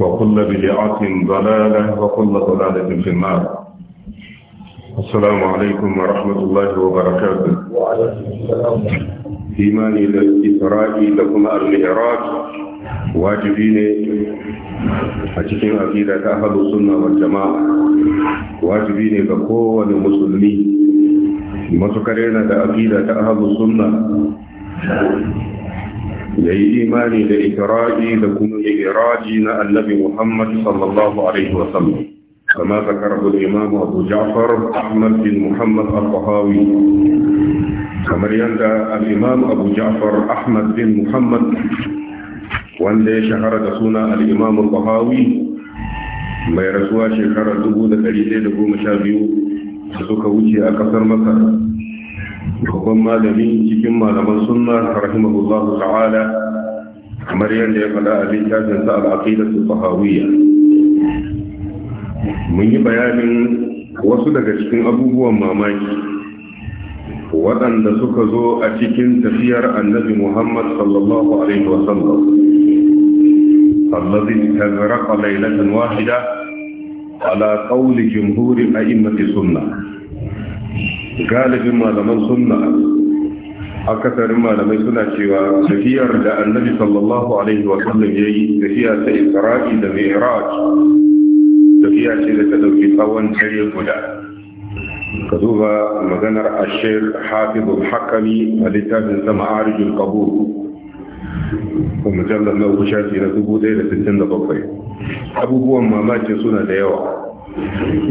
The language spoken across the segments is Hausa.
وكل بدعة ضلالة وكل ضلالة في النار السلام عليكم ورحمة الله وبركاته إيمان الإسراء لكم المعراج wajibi ne a cikin aƙida ta halu sunna wal wajibi ne ga kowane musulmi matukar yana da aƙida ta ya yi imani da ikirari da kuma ikirari na annabi Muhammad sallallahu alaihi wa imam Abu Ahmad bin Muhammad al-Tahawi kamar yadda al-imam Abu Ahmad bin Muhammad wanda ya shahara da suna al-imam al mai rasuwa shekarar 1112 da suka wuce a ƙasar Masar babban malami cikin malaman sunna rahimahullahu ta'ala kamar yadda ya faɗa a littafin sa al-aqidatu sahawiyya mun yi bayanin wasu daga cikin abubuwan mamaki waɗanda suka zo a cikin tafiyar annabi Muhammad sallallahu alaihi wasallam allazi tazraqa laylatan wahida ala qawli jumhuri a'immati sunnah galibin malaman sunna akasarin malamai suna cewa tafiyar da annabi sallallahu alaihi wa sallam ya yi tafiya ta isra'i da mi'raj tafiya ce da ta dauki tsawon dare guda ka duba maganar ashir hafizul hakami a littafin sama sa ma'arijul qabul mujallar na uku shafi na dubu ɗaya da da sittin 1067 abubuwan mamaki suna da yawa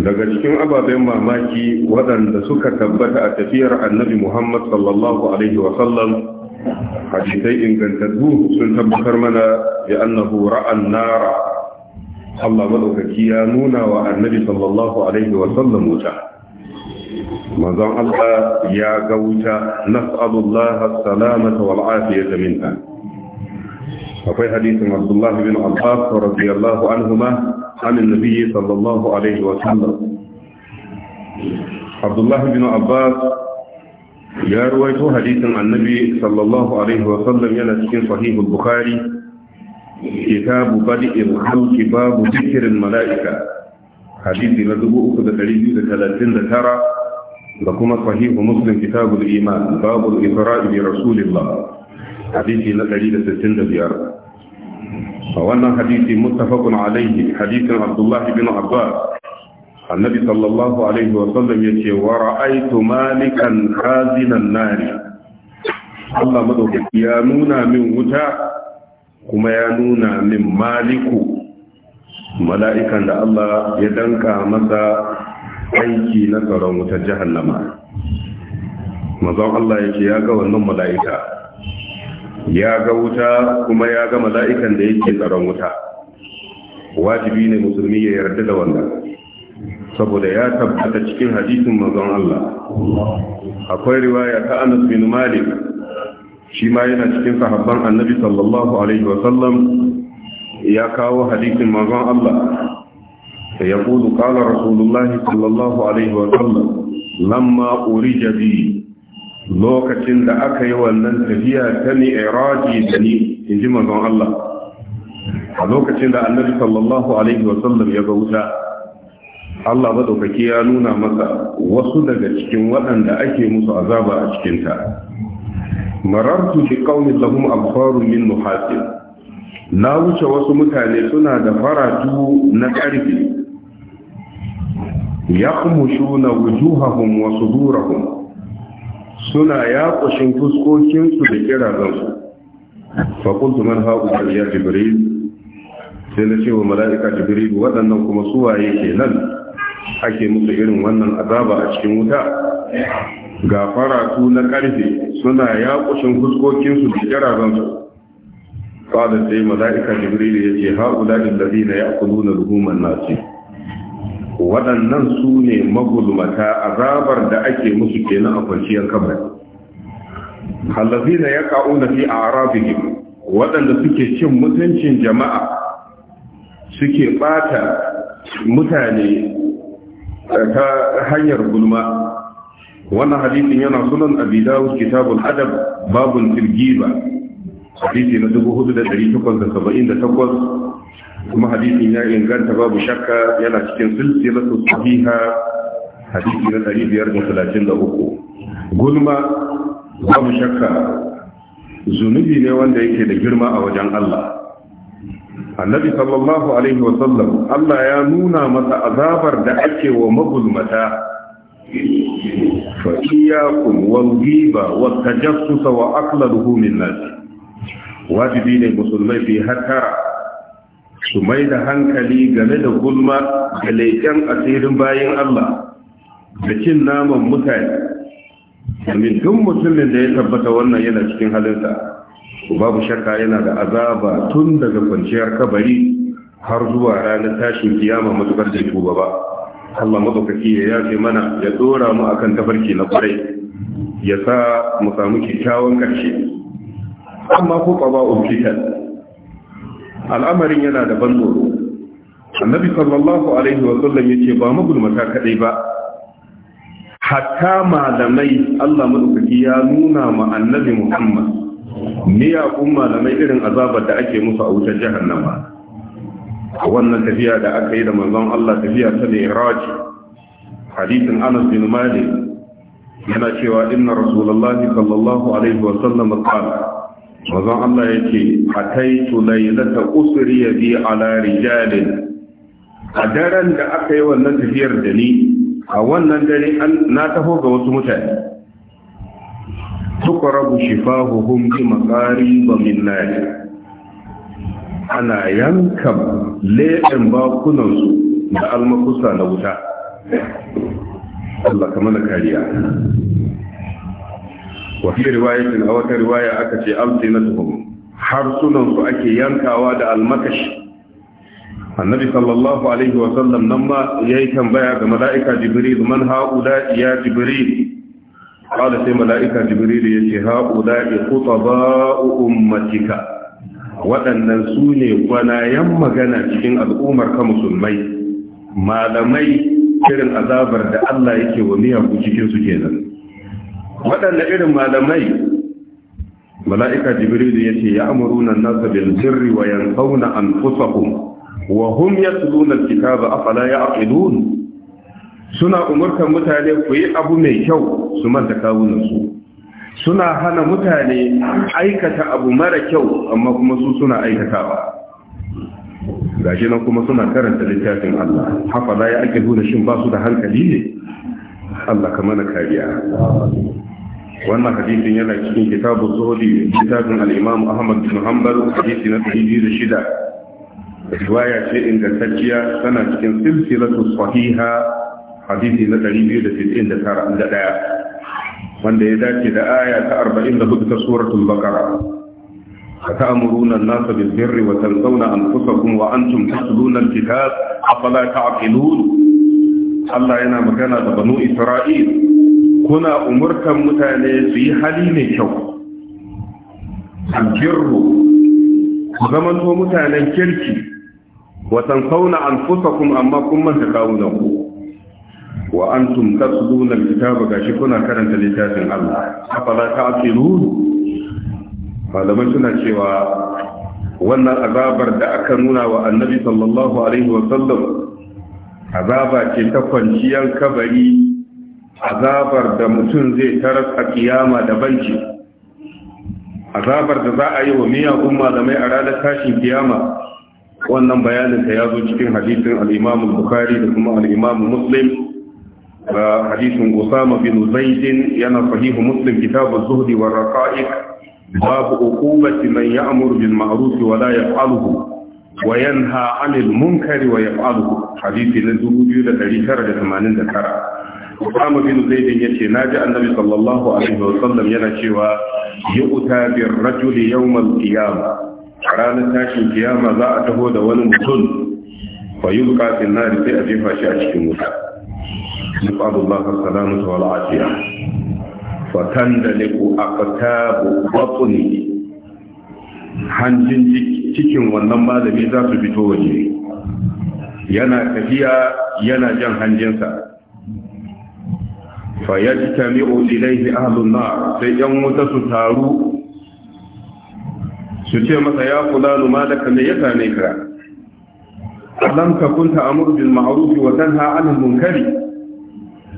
daga cikin ababen mamaki waɗanda suka tabbata a tafiyar annabi muhammad sallallahu alaihi wasallam hadisai ingantattu sun tabbatar mana da annahu ra'an nara Allah madaukaki ya nuna wa annabi sallallahu alaihi wasallam wuta manzon Allah ya ga wuta nas'alullaha salamata wal afiyata minha akwai hadisin Abdullah bin Abbas radiyallahu anhuma عن النبي صلى الله عليه وسلم عبد الله بن عباس يا رويت حديث عن النبي صلى الله عليه وسلم يلا في صحيح البخاري كتاب بدء الخلق باب ذكر الملائكة حديث نذبو أكد تريد ثلاثين ترى لكم صحيح مسلم كتاب الإيمان باب الإقراء برسول الله حديث نتريد ستين دبيار wannan hadisi muttafaqun alaihi hadisin abdullah bin abbas annabi sallallahu alaihi wa sallam ce, wa ra'aitu, malikan khazinan nari Allah madaukaki ya nuna min wuta kuma ya nuna min maliku mala'ikan da Allah ya danka masa aiki na tsaron wutar jahannama mazan Allah yake ya ga wannan mala'ika ya ga wuta kuma ya ga mala'ikan da yake tsaron wuta wajibi ne musulmi ya yarda da wannan saboda ya tabbata cikin hadisin mazan Allah akwai riwaya ta Anas bin Malik shi ma yana cikin sahabban annabi sallallahu alaihi wasallam ya kawo hadisin mazan Allah da ya kudu kala rasulullahi sallallahu alaihi wasallam lamma urija bi lokacin da aka yi wannan tafiya ta ni'iraji da ni in ji mazan Allah a lokacin da annabi sallallahu alaihi sallam ya ga wuta Allah madaukaki ya nuna masa wasu daga cikin waɗanda ake musu azaba a cikinta marartu bi qaumin lahum abfarun min nuhasin na wuce wasu mutane suna da faratu na ƙarfi yaqmushuna wujuhahum wa sudurahum suna yaƙushin fuskokinsu da kirazansu faƙuntu man haƙunan ya jibril sai na cewa mala'ika jibril waɗannan kuma suwa ke nan ake musu irin wannan azaba a cikin wuta ga faratu na ƙarfe suna yaƙushin fuskokinsu da kirazansu ƙadar sai mala'ika jibril ya ce haƙunan da zina ya kudu na ruhuman nasi waɗannan su ne magulmata azabar da ake musu kenan a kwanciyar kabari hallazina ya ka'una fi arabihim waɗanda suke cin mutuncin jama'a suke ɓata mutane ta hanyar gulma wannan hadisin yana sunan abi dawud kitabul adab babun tilgiba hadisi na 4878 kuma hadisin ya inganta babu shakka yana cikin silsilatu sahiha hadisi na 533 gulma babu shakka zunubi ne wanda yake da girma a wajen Allah annabi sallallahu alaihi wasallam Allah ya nuna masa azabar da ake wa magulmata faiyakum iyyakum wal ghiba wat tajassus wa aqladuhu min nas wajibi ne musulmai bi hatara su mai da hankali game da gulma da leƙen asirin bayan Allah da cin naman mutane domin duk mutumin da ya tabbata wannan yana cikin halinsa babu shakka yana da azaba tun daga kwanciyar kabari har zuwa ranar tashin kiyama matukar da tuba ba Allah madaukaki ya yafe mana ya dora mu akan tafarki na kwarai ya sa mu samu kyakkyawan karshe amma ko qaba ofishal al'amarin yana da ban tsoro annabi sallallahu alaihi wa sallam yace ba magulmata kadai ba hatta malamai Allah madaukaki ya nuna ma annabi Muhammad miyagun malamai irin azabar da ake musu a wutar jahannama wannan tafiya da aka yi da manzon Allah tafiya ta Mi'raj hadisin Anas bin Malik yana cewa inna rasulullahi sallallahu alaihi wa sallam qala mazan Allah ya ce a taitu lailata usuri ya bi ala rijalin a daren da aka yi wannan tafiyar da ni a wannan dare na taho ga wasu mutane suka rabu shifahuhum bi makari ba min nari ana yanka leɓen bakunansu da almakusa na wuta Allah kamar kariya wa fi riwayatin a wata riwaya aka ce alsinatuhum harsunan su ake yankawa da almakashi annabi sallallahu alaihi wa sallam nan ma yayi tambaya ga mala'ika jibril man haula ya jibril qala sai mala'ika jibril yace haula khutaba'u ummatika waɗannan su ne gwanayen magana cikin al'ummar ka musulmai malamai irin azabar da Allah yake wa miyagu cikinsu su kenan waɗanda irin malamai mala'ika jibrilu ya ce ya amuruna nasa bil sirri wa an anfusahum wa hum yatluna alkitaba afala ya'qilun suna umurkan mutane ku yi abu mai kyau su manta kawunansu suna hana mutane aikata abu mara kyau amma kuma su suna aikatawa gashi nan kuma suna karanta littafin Allah hafa la ya ake nuna shin ba su da hankali ne Allah ka mana kariya wannan hadisin yana cikin kitabu zuhudi littafin al-imam ahmad bin hanbal hadisi na 206 riwaya ce ingantacciya tana cikin silsilatu sahiha hadisi na 291 wanda ya dace da aya ta 44 ta suratul baqara atamuruna an-nasa bil birri wa tansawna anfusakum wa antum tatluna al-kitab afala ta'qilun Allah yana magana da banu Isra'il kuna umurtan mutane su yi hali mai kyau albirru ku zamanto mutanen kirki an fusa anfusakum amma kun manta ku. wa antum tatluna alkitaba shi kuna karanta littafin Allah ake ta'qilun Malamai suna cewa wannan azabar da aka nuna wa annabi sallallahu alaihi Wasallam, azaba ce ta kwanciyar kabari azabar da mutum zai tara a kiyama da banci azabar da za a yi wa miyagun malamai a ranar tashin kiyama wannan bayaninta ya zo cikin hadisin al'imamu Bukhari da kuma al'imamu muslim da hadisin usama bin zaidin yana sahihu muslim kitabu zuhdi wa raqa'iq babu hukumati man ya'muru bil ma'ruf wa la yaf'aluhu wa yanha 'anil munkari wa yaf'aluhu hadisi na 2989 Usama bin Zaidin na naji Annabi sallallahu alaihi wa sallam yana cewa yu'ta bir rajuli yawm al-qiyamah ranar tashin kiyama za a taho da wani mutum fa yulqa fi nar sai a jefa shi a cikin wuta nas'alullah as-salamata wa afiya fa tandaliku aqtabu batni hanjin cikin wannan malami za su fito waje yana tafiya yana jan hanjinsa fa yajtami'u ilayhi ahlun nar sai yan wuta su taru su ce masa ya numa malaka kame ya same ka alam ka kunta amuru bil ma'ruf wa tanha 'anil munkari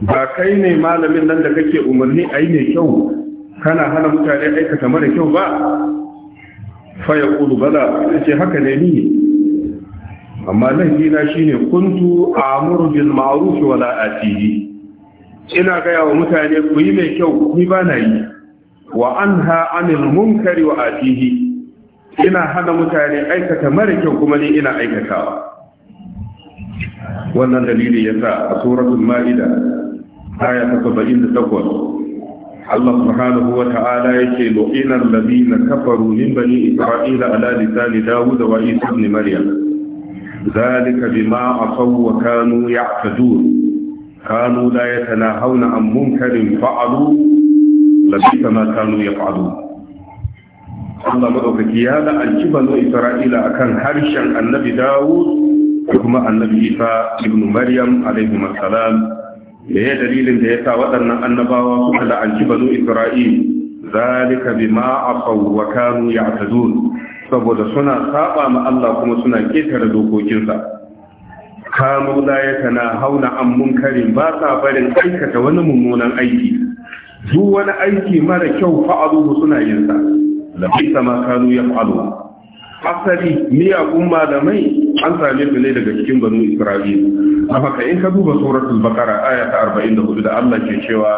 ba kai ne malamin nan da kake umarni a yi mai kyau kana hana mutane aikata mara kyau ba fa kulu bala sai haka ne ni amma laifina shine kuntu amuru bil ma'ruf wa la atihi ina gaya wa mutane ku yi mai kyau ni ba na yi wa anha anil munkari wa atihi ina hana mutane aikata mara kyau kuma ni ina aikatawa wannan dalili sa a suratul ma'ida aya ta 78 Allah subhanahu wa ta'ala yake lu'ina alladhina kafaru min bani isra'ila ala lisani dawud wa isa ibn maryam ذلك بما عصوا وكانوا يعتدون kanu la yatanahawna an munkarin fa'alu labisa ma kanu yaf'alu Allah madaukaki ya la'anci banu Isra'ila kan harshen Annabi Dawud da kuma Annabi Isa ibn Maryam alaihi salam da ya dalilin da ya sa waɗannan annabawa suka la'anci banu Isra'il zalika bima asaw wa kanu ya'tadun saboda suna saɓa ma Allah kuma suna ƙetare dokokinsa kamu la yatana hauna an munkarin ba sa barin aikata wani mummunan aiki duk wani aiki mara kyau fa'aluhu suna yin sa ma kanu yaf'alu asali da mai, an same su ne daga cikin banu Isra'il. a haka in ka duba suratul bakara aya ta 44 da Allah ke cewa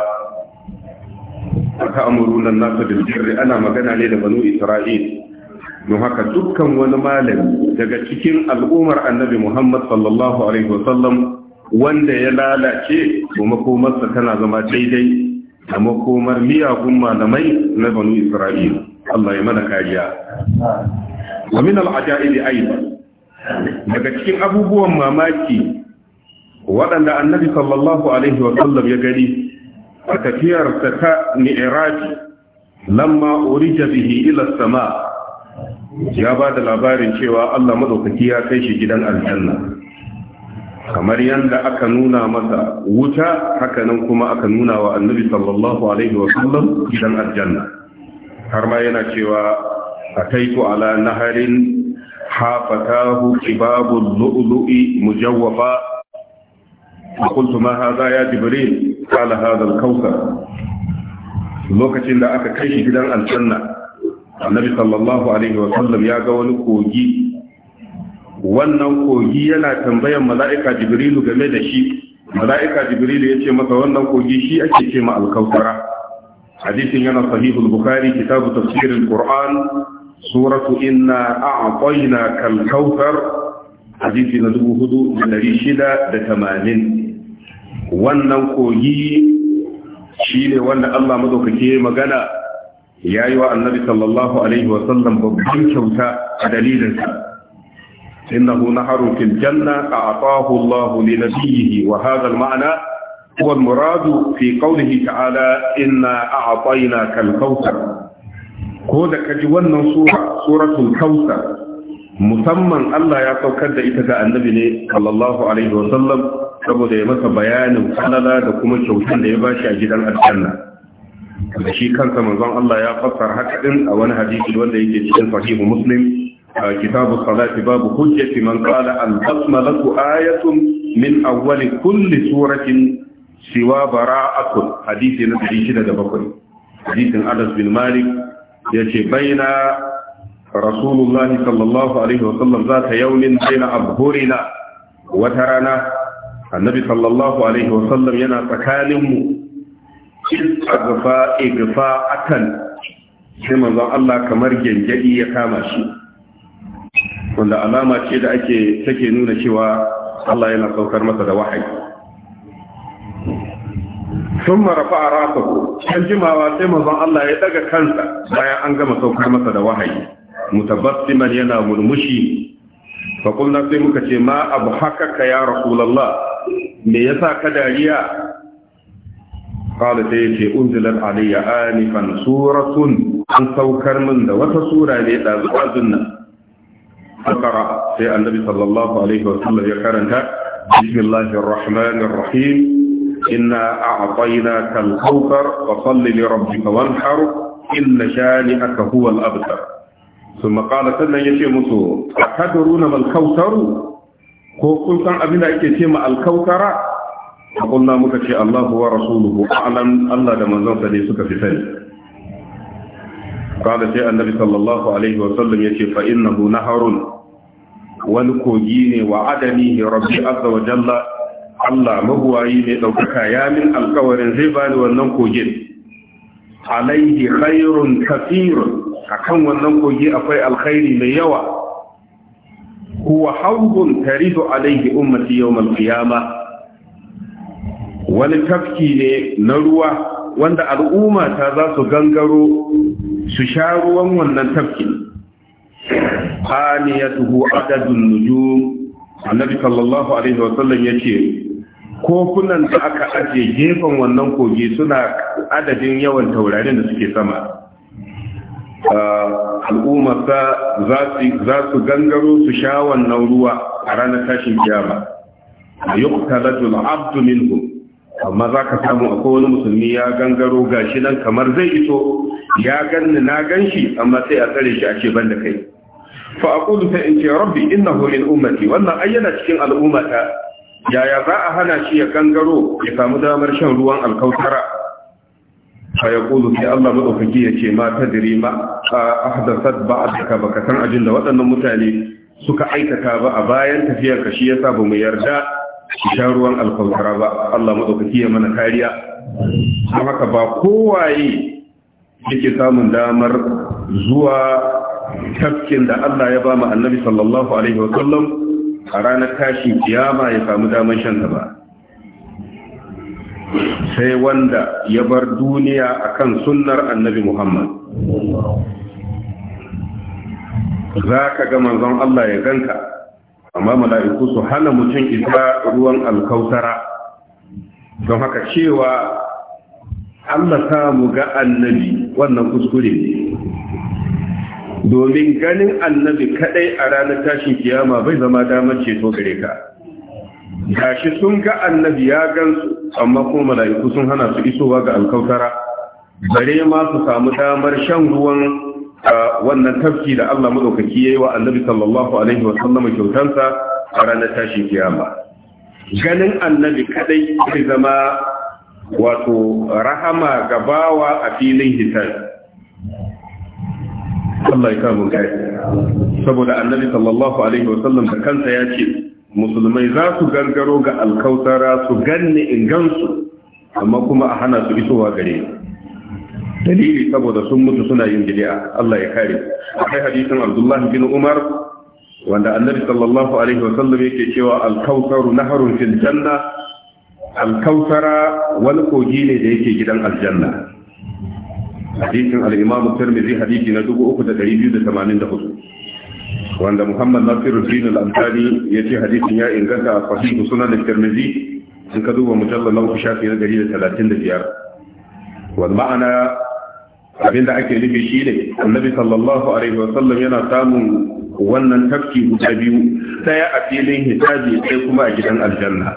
aka amuru nan nasu bil ana magana ne da banu Isra'il. don haka dukkan wani malami daga cikin al'ummar annabi Muhammad sallallahu alaihi wasallam wanda ya lalace to makomarsa tana zama daidai da makomar miyagun malamai na banu Isra'ila Allah ya mana kariya wa min al'ajaibi aidan daga cikin abubuwan mamaki waɗanda annabi sallallahu alaihi wasallam ya gani a tafiyarsa ta mi'raji lamma urija bihi ila sama ya ba da labarin cewa Allah maɗaukaci ya kai shi gidan aljanna kamar yadda aka nuna masa wuta hakanan kuma aka nuna wa annabi sallallahu alaihi wa sallam gidan aljanna har ma yana cewa ataitu ala naharin hafatahu ibabu lu'lu'i mujawwafa فقلت ما هذا يا جبريل قال هذا الكوثر lokacin da aka kai shi gidan aljanna annabi sallallahu alaihi sallam ya ga wani kogi wannan kogi yana tambayan mala'ika jibrilu game da shi mala'ika jibrilu ya ce masa wannan kogi shi ake ce ma alkautara hadisin yana sahihul bukhari kitabu tafsirin qur'an suratu inna a'tayna kal kautsar hadisi na tamanin. wannan kogi shi ne wanda Allah madaukake magana ya yi wa annabi sallallahu alaihi wasallam babban kyauta a dalilinsa inna na haru fil janna a atahu allahu li nabiyihi wa hadha al ma'na huwa al muradu fi qawlihi ta'ala inna a'tayna kal kawthar ko da kaji wannan sura suratul musamman Allah ya saukar da ita ga annabi ne sallallahu alaihi wasallam saboda ya masa bayanin sanada da kuma kyautar da ya ba shi a gidan aljanna da shi kansa manzon Allah ya fassar haka din a wani hadisi wanda yake cikin sahih muslim kitabu salati babu hujjati man qala al basmala ku ayatun min Awali, kulli suratin siwa bara'atun hadisi na 67 hadisin Anas bin Malik yace baina رسول الله صلى الله عليه وسلم ذات يوم بين أظهرنا وترنا النبي صلى الله عليه وسلم ينا تكالمه igfa a akan sai manzon Allah kamar gengedi ya kama shi wanda alama ce da ake take nuna cewa Allah yana saukar masa da wahayi sun marafa a rafaku can jimawa sai manzon Allah ya daga kansa bayan an gama saukar masa da wahayi mutabassiman yana murmushi faƙulna sai muka ce ma abu haka ka ya rasulallah me yasa ka dariya qala sai ce unzilat alayya anifan suratun an saukar min da wata sura ne da zuwa dunna akara sai annabi sallallahu alaihi wa sallam ya karanta bismillahi arrahmani arrahim inna a'tainaka al-kawthar fa salli li rabbika wanhar inna shani'aka huwa al-abtar ثم قال sannan yace musu atadruna mal kawthar ko kun san abin da yake ce ma al haƙunna muka ce Allahu wa rasuluhu a'lam Allah da manzonsa ne suka fi sani kada sai annabi sallallahu alaihi wa sallam yace fa innahu naharun wani kogi ne wa adani rabbi azza wa jalla Allah mabuwayi ne daukaka ya min alkawarin zai bani wannan kogin alaihi khairun kathirun akan wannan kogi akwai alkhairi mai yawa huwa hawdun taridu alaihi ummati yawm al wani tafki ne na ruwa wanda al'umma ta za su gangaro su sha ruwan wannan tafkin haniyatuhu adadun nujum annabi sallallahu alaihi wasallam yace kofunan da aka aje gefen wannan kogi suna adadin yawan taurarin da suke sama al'umma za su gangaro su sha wannan ruwa a ranar tashin kiyama yuqtalatu al-abdu minhum amma za ka samu a kowane musulmi ya gangaro gashi nan kamar zai iso ya ganni na ganshi amma sai a tsare shi a ce ban da kai fa aqulu sai in ce rabbi innahu min ummati wannan ayyana cikin al'ummata yaya za a hana shi ya gangaro ya samu damar shan ruwan alkautara fa yaqulu sai Allah madaukaki ya ce ma tadri ma ahdathat ba'daka baka san ajin da waɗannan mutane suka aikata ba a bayan tafiyar ka shi yasa mu yarda sha ruwan alkautara ba Allah maɗaukaki ya mana kariya don haka ba kowaye yake samun damar zuwa tafkin da Allah ya ba mu annabi sallallahu alaihi wa sallam a ranar tashin kiyama ya samu damar shan ba sai wanda ya bar duniya akan sunnar annabi Muhammad za ka ga manzon Allah ya ganka amma mala'iku su hana mutum isa ruwan alkautara don haka cewa Allah ta mu ga annabi wannan kuskure ne domin ganin annabi kadai a ranar tashin kiyama bai zama damar ceto gare ka shi sun ga annabi ya gansu amma kuma mala'iku sun hana su isowa ga alkautara bare ma su samu damar shan ruwan wannan tafki da Allah madaukaki yayi wa Annabi sallallahu alaihi wa sallama kyautansa a ranar tashin kiyama ganin Annabi kadai zai zama wato rahama ga bawa a filin hitar. Allah ya kawo gai saboda Annabi sallallahu alaihi wa sallam da kansa ya ce musulmai za su gangaro ga alkautara su ganni in gansu amma kuma a hana su isowa gare ni dalili saboda sun mutu suna yin bid'a Allah ya kare akwai hadisin Abdullah bin Umar wanda Annabi sallallahu alaihi wa sallam yake cewa al-kausaru naharun fil janna al-kausara wani kogi ne da yake gidan aljanna hadisin al-Imam Tirmidhi hadisi na 3284 wanda Muhammad Nasiruddin al-Albani yace hadisin ya inganta a sahih sunan Tirmidhi in ka duba mujallal na 35 wal ma'ana abinda ake nufi shi ne annabi sallallahu alaihi yana samun wannan tafki guda biyu daya a filin hisabi sai kuma a gidan aljanna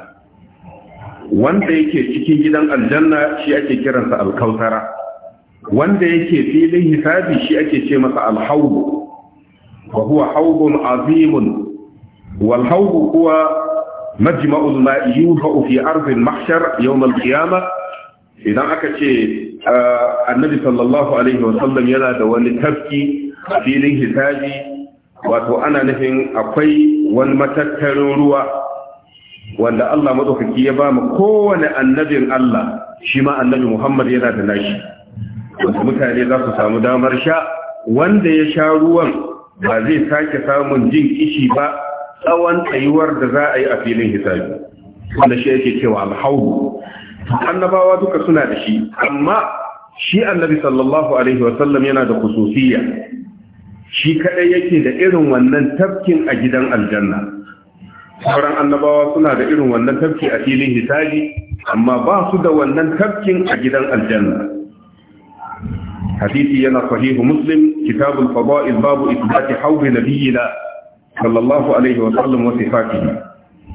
wanda yake cikin gidan aljanna shi ake kiransa alkautara wanda yake filin hisabi shi ake ce masa alhaubu wa huwa haubun azimun wal haubu kuwa majma'ul ma'i yunfa fi ardil mahshar yawm al-qiyamah idan aka ce uh, annabi sallallahu alaihi wasallam yana da wani tafki a filin hisabi wato ana nufin akwai wani matattarin ruwa wanda Allah madaukaki ya bamu, kowane annabin Allah shi ma annabi Muhammad yana da nashi wasu mutane za su samu damar sha wanda ya sha ruwan ba zai sake samun jin kishi ba tsawon tsayuwar da za a yi a filin hisabi wanda shi yake cewa alhaudu annabawa duka suna da shi amma shi annabi sallallahu alaihi wasallam yana da khususiyya shi kadai yake da irin wannan tafkin a gidan aljanna sauran annabawa suna da irin wannan tafki a filin hisabi amma ba su da wannan tafkin a gidan aljanna hadisi yana sahihu muslim kitabul fada'il babu isbati hawli nabiyina sallallahu alaihi wa sallam wa sifatihi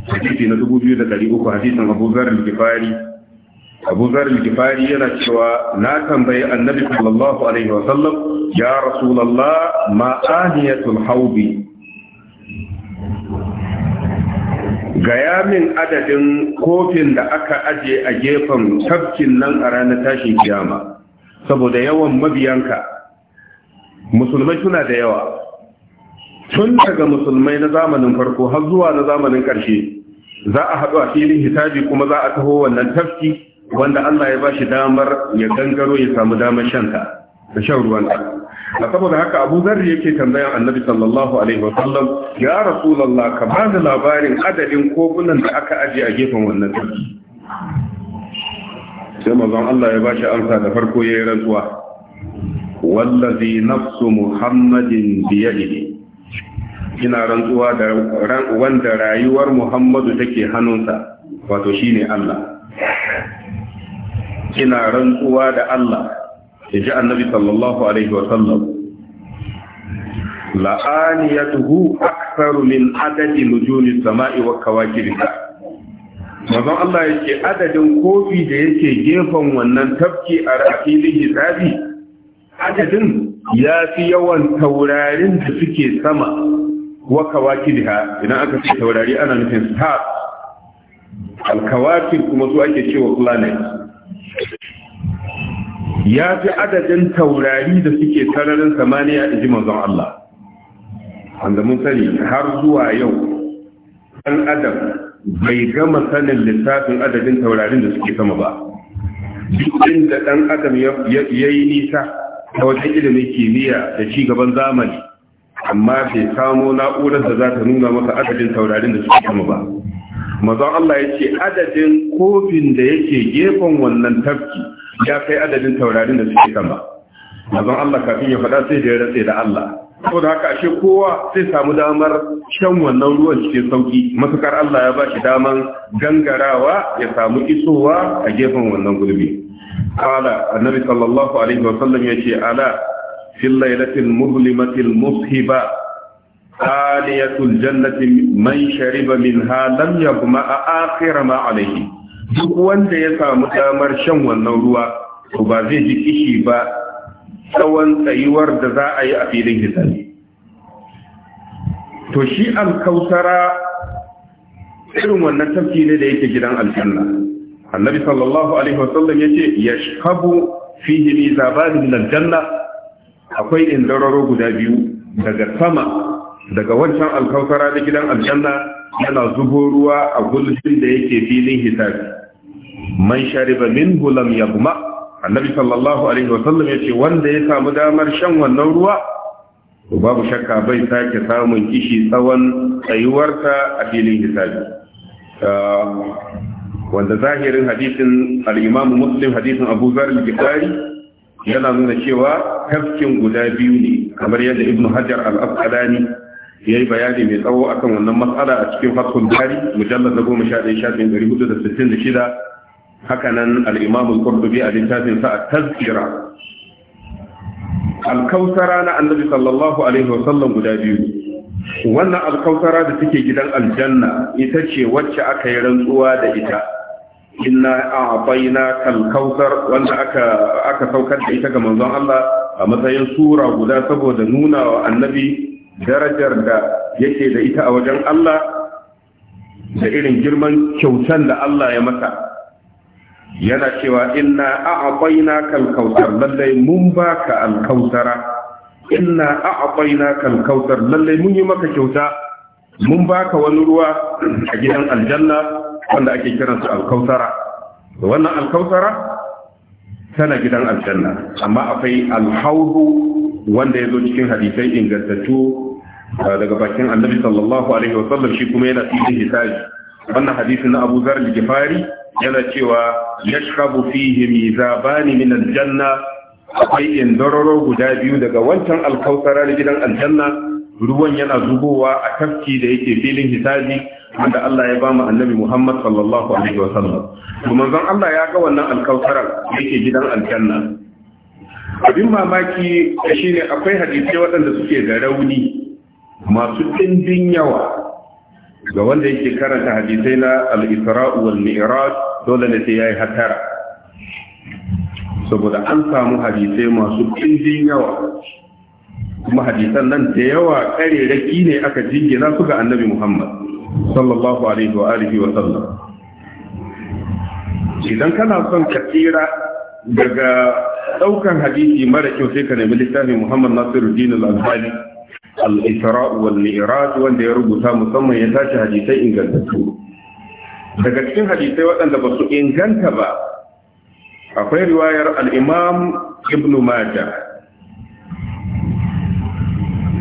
hadisi na 2300 hadisin Abu Dharr al-Ghifari abu zar yana cewa na tambayi annabi sallallahu alaihi wasallam ya rasulullah ma haubi gaya min adadin kofin da aka aje a gefen tafkin nan a ranar tashin kiyama saboda yawan mabiyanka musulmai suna da yawa tun daga musulmai na zamanin farko har zuwa na zamanin ƙarshe za a haɗu a filin hitabi kuma za a taho wannan tafki wanda Allah ya bashi damar ya gangaro ya samu damar shanta da shan ruwanta a saboda haka abu zarri yake tambayan annabi sallallahu alaihi wasallam ya rasulallah ka ba da labarin adadin kofunan da aka ajiye a gefen wannan sarki sai mazan Allah ya bashi amsa da farko ya yi rantsuwa wallazi nafsu muhammadin biyadihi ina rantsuwa da wanda rayuwar muhammadu take hannunsa wato shine Allah ina rantsuwa da Allah ya ji annabi sallallahu alaihi wa sallam la'aniyatuhu aktharu min adadi nujumi samai wa kawakibiha Mazan Allah yake adadin kofi da yake gefen wannan tafki a rafilin hisabi adadin ya fi yawan taurarin da suke sama wa kawakibiha idan aka ce taurari ana nufin stars alkawakib kuma su ake cewa planet ya fi adadin taurari da suke sararin samaniya a ji Allah wanda mun sani har zuwa yau ɗan adam bai gama sanin lissafin adadin taurarin da suke sama ba duk inda ɗan adam ya yi nisa ta wajen ilimin kimiyya da ci gaban zamani amma bai samo na'urar da za ta nuna maka adadin taurarin da suke sama ba mazan Allah ya ce adadin kofin da yake gefen wannan tafki ya kai adadin taurarin da suke kama. mazan Allah kafin ya faɗa sai da ya ratse da Allah saboda haka ashe kowa sai samu damar shan wannan ruwan cikin sauki matukar Allah ya ba shi damar gangarawa ya samu isowa a gefen wannan gulbi qala annabi sallallahu alaihi wa sallam yace ala fil lailatil muzlimatil mushiba aliyatul jannati man shariba minha lam yagma akhir ma alayhi duk wanda ya samu damar shan wannan ruwa to ba zai ji kishi ba tsawon tsayuwar da za a yi a filin hisabi to shi alkausara irin wannan tafki ne da yake gidan aljanna annabi sallallahu alaihi wasallam yace yashhabu fihi mizabani aljanna akwai indararo guda biyu daga sama daga wancan alkausara da gidan aljanna yana zubo ruwa a gulbin da yake filin hisabi man shariba minhu ya yagma annabi sallallahu alaihi wasallam yace wanda ya samu damar shan wannan ruwa babu shakka bai sake samun kishi tsawon tsayuwarsa a filin hisabi uh, wanda zahirin hadisin al-Imam Muslim hadisin Abu Zar yana nuna cewa tafkin guda biyu ne kamar yadda Ibn Hajar al-Asqalani ya yi bayani mai tsawo akan wannan matsala a cikin fatkun bari mujallar na goma sha ɗaya shafin ɗari hudu da sittin da shida Haka hakanan al'imamun kurdubi a littafin sa a tazkira alkausara na annabi sallallahu alaihi wasallam guda biyu wannan alkausara da take gidan aljanna ita ce wacce aka yi rantsuwa da ita inna a'tayna kalkausar wanda aka aka saukar da ita ga manzon Allah a matsayin sura guda saboda nuna wa annabi darajar da yake da ita a wajen Allah da irin girman kyautan da Allah ya masa yana cewa inna a'aqaina kal kautsar lallai mun baka al kautsara inna a'aqaina kal lallai mun yi maka kyauta mun baka wani ruwa a gidan aljanna wanda ake kiransa al kautsara wannan al tana gidan aljanna amma akwai alhaudu wanda ya zo cikin hadisai ingantattu daga bakin annabi sallallahu alaihi wa sallam shi kuma yana cikin hisabi wannan hadisi na Abu Zar al-Ghifari yana cewa yashkabu fihi mizabani min al-janna akwai indororo guda biyu daga wancan alkautara na gidan aljanna ruwan yana zubowa a tafki da yake filin hisabi wanda Allah ya bama annabi Muhammad sallallahu alaihi wa sallam kuma zan Allah ya ga wannan alkautaran yake gidan aljanna abin mamaki shine akwai hadisi waɗanda suke da rauni masu ɗimbin yawa ga wanda yake karanta hadisai na al-isra'u wal mi'raj dole ne sai ya yi hatara saboda an samu hadisai masu ɗimbin yawa kuma hadisan nan da yawa kareraki ne aka jingina su ga annabi Muhammad sallallahu alaihi wa alihi wa sallam idan kana son ka tsira daga daukan hadisi mara kyau sai ka nemi littafin Muhammad Nasiruddin al-Albani al-isra wal wanda ya rubuta musamman ya tashi hadisai ingantattu daga cikin hadisai waɗanda ba su inganta ba akwai riwayar al'imam ibn majah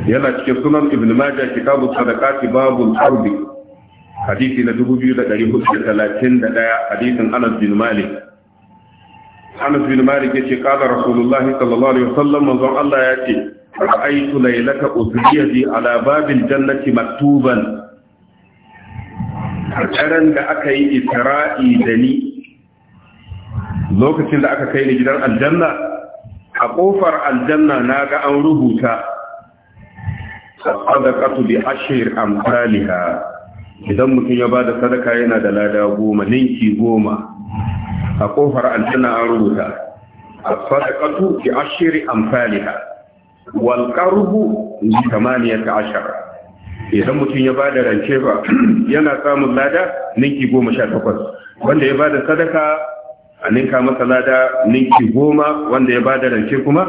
yana cikin sunan ibn majah kitabu sadaqati Babu ardi hadisi na 2431 hadisin Anas bin Malik Anas bin Malik ya yace qala Rasulullah sallallahu alaihi wasallam manzon Allah ya ce." ra'aytu laylata usriyati ala babil jannati maktuban daren da aka yi isra'i da ni lokacin da aka kai ni gidan aljanna a kofar aljanna na ga an rubuta sadaqatu bi ashir amsalha idan mutum ya bada sadaka yana da lada goma ninki goma a kofar aljanna an rubuta bi wal qarbu li thamaniyata idan mutum ya bada rance ba yana samun lada ninki goma sha takwas wanda ya bada sadaka a ninka masa lada ninki goma wanda ya bada rance kuma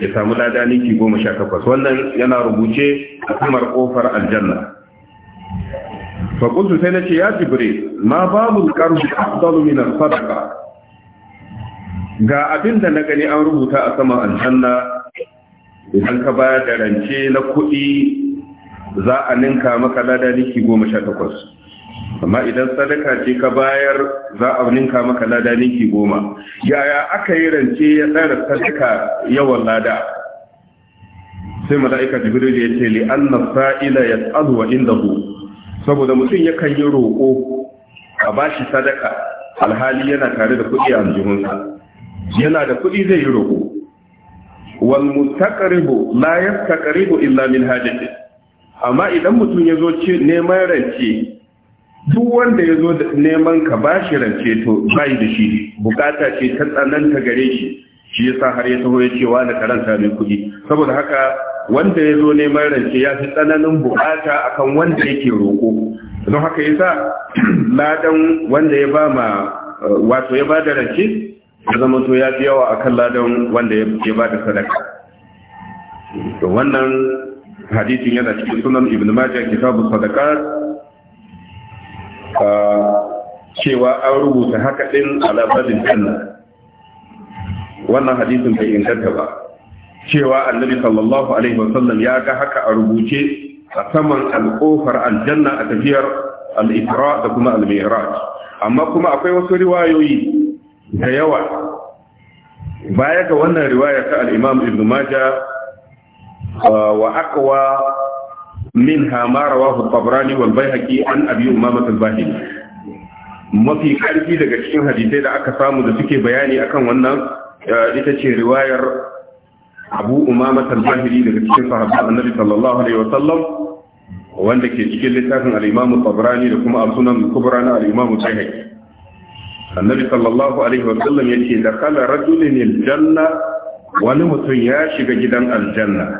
ya samu lada ninki goma sha takwas wannan yana rubuce a kamar kofar aljanna fakultu sai na ce ya jibril ma babu karfi afdalu min sadaqa ga abin da na gani an rubuta a saman aljanna idan ka ba da rance na kuɗi za a ninka maka lada niki goma sha takwas amma idan sadaka ce ka bayar za a ninka maka lada niki goma yaya aka yi rance ya tsara sadaka yawan lada sai mala'ika jibril ya ce li anna sa'ila yas'alu wa indahu saboda mutum yakan yi roƙo a bashi sadaka alhali yana tare da kuɗi a aljihunsa yana da kuɗi zai yi roƙo wal mustaqribu la yastaqribu illa min hajati amma idan mutum ya zo neman rance duk wanda ya zo neman ka bashi rance to bai da shi bukata ce ta tsananta gare shi shi yasa har ya taho ya ce wa da karanta mai kuɗi saboda haka wanda ya zo neman rance ya fi tsananin bukata akan wanda yake roƙo don haka yasa ladan wanda ya ba ma eh, wato ya ba da rance ya zama to ya fi yawa kan ladan wanda ya ba da sadaka to wannan hadisin yana cikin sunan ibn majah kitabu sadaka ah, cewa an rubuta haka ɗin ala badin janna wannan hadisin bai inganta ba cewa annabi sallallahu alaihi wasallam ya ga haka a rubuce a saman alƙofar aljanna a tafiyar al-isra da kuma al-mi'raj amma kuma akwai wasu riwayoyi da yawa baya ga wannan riwaya ta al-Imam Ibn Majah uh, wa aqwa minha ma rawahu at-Tabrani an Abi Umamah al mafi karfi daga cikin hadisai da aka samu da suke bayani akan wannan uh, ita ce riwayar Abu Umamah talbahiri daga cikin sahabban Annabi sallallahu alaihi wasallam wanda ke cikin littafin al-Imam da kuma al-Sunan kubra na al-Imam annabi sallallahu alaihi yace da kala rajulin aljanna wani mutum ya shiga gidan aljanna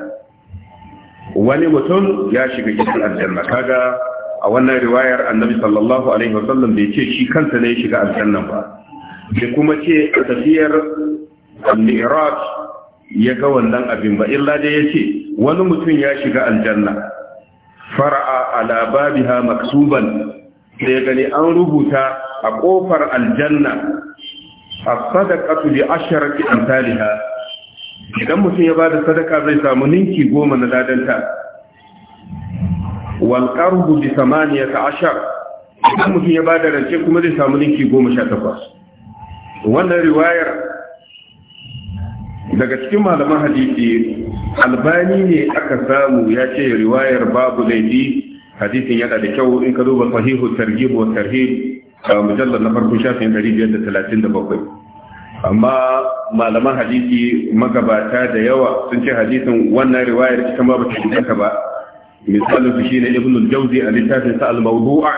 wani mutum ya shiga gidan aljanna kaga a wannan riwayar annabi sallallahu alaihi wa sallam bai ce shi kansa ne ya shiga aljanna ba bai kuma ce tafiyar al-mi'raj ya ga wannan abin ba illa dai yace wani mutum ya shiga aljanna fara'a ala babiha maksuban sai gani an rubuta a ƙofar aljanna a ashirar bi an taliha idan mutum ya ba da sadaka zai samu ninki goma na dadanta wal qarbu bi ta ashar idan mutum ya ba da rance kuma zai samu ninki goma sha takwas wannan riwayar daga cikin malaman hadisi albani ne aka samu ya ce riwayar babu laifi hadisin yana da kyau in ka duba sahihu tarhibu wa tarhibu mujallar na farko shafin 537 amma malaman hadisi magabata da yawa sun ce hadisin wannan riwayar cikin babu bata inganta ba misalin su shine ibn al-jawzi a littafin sa al-mawdu'a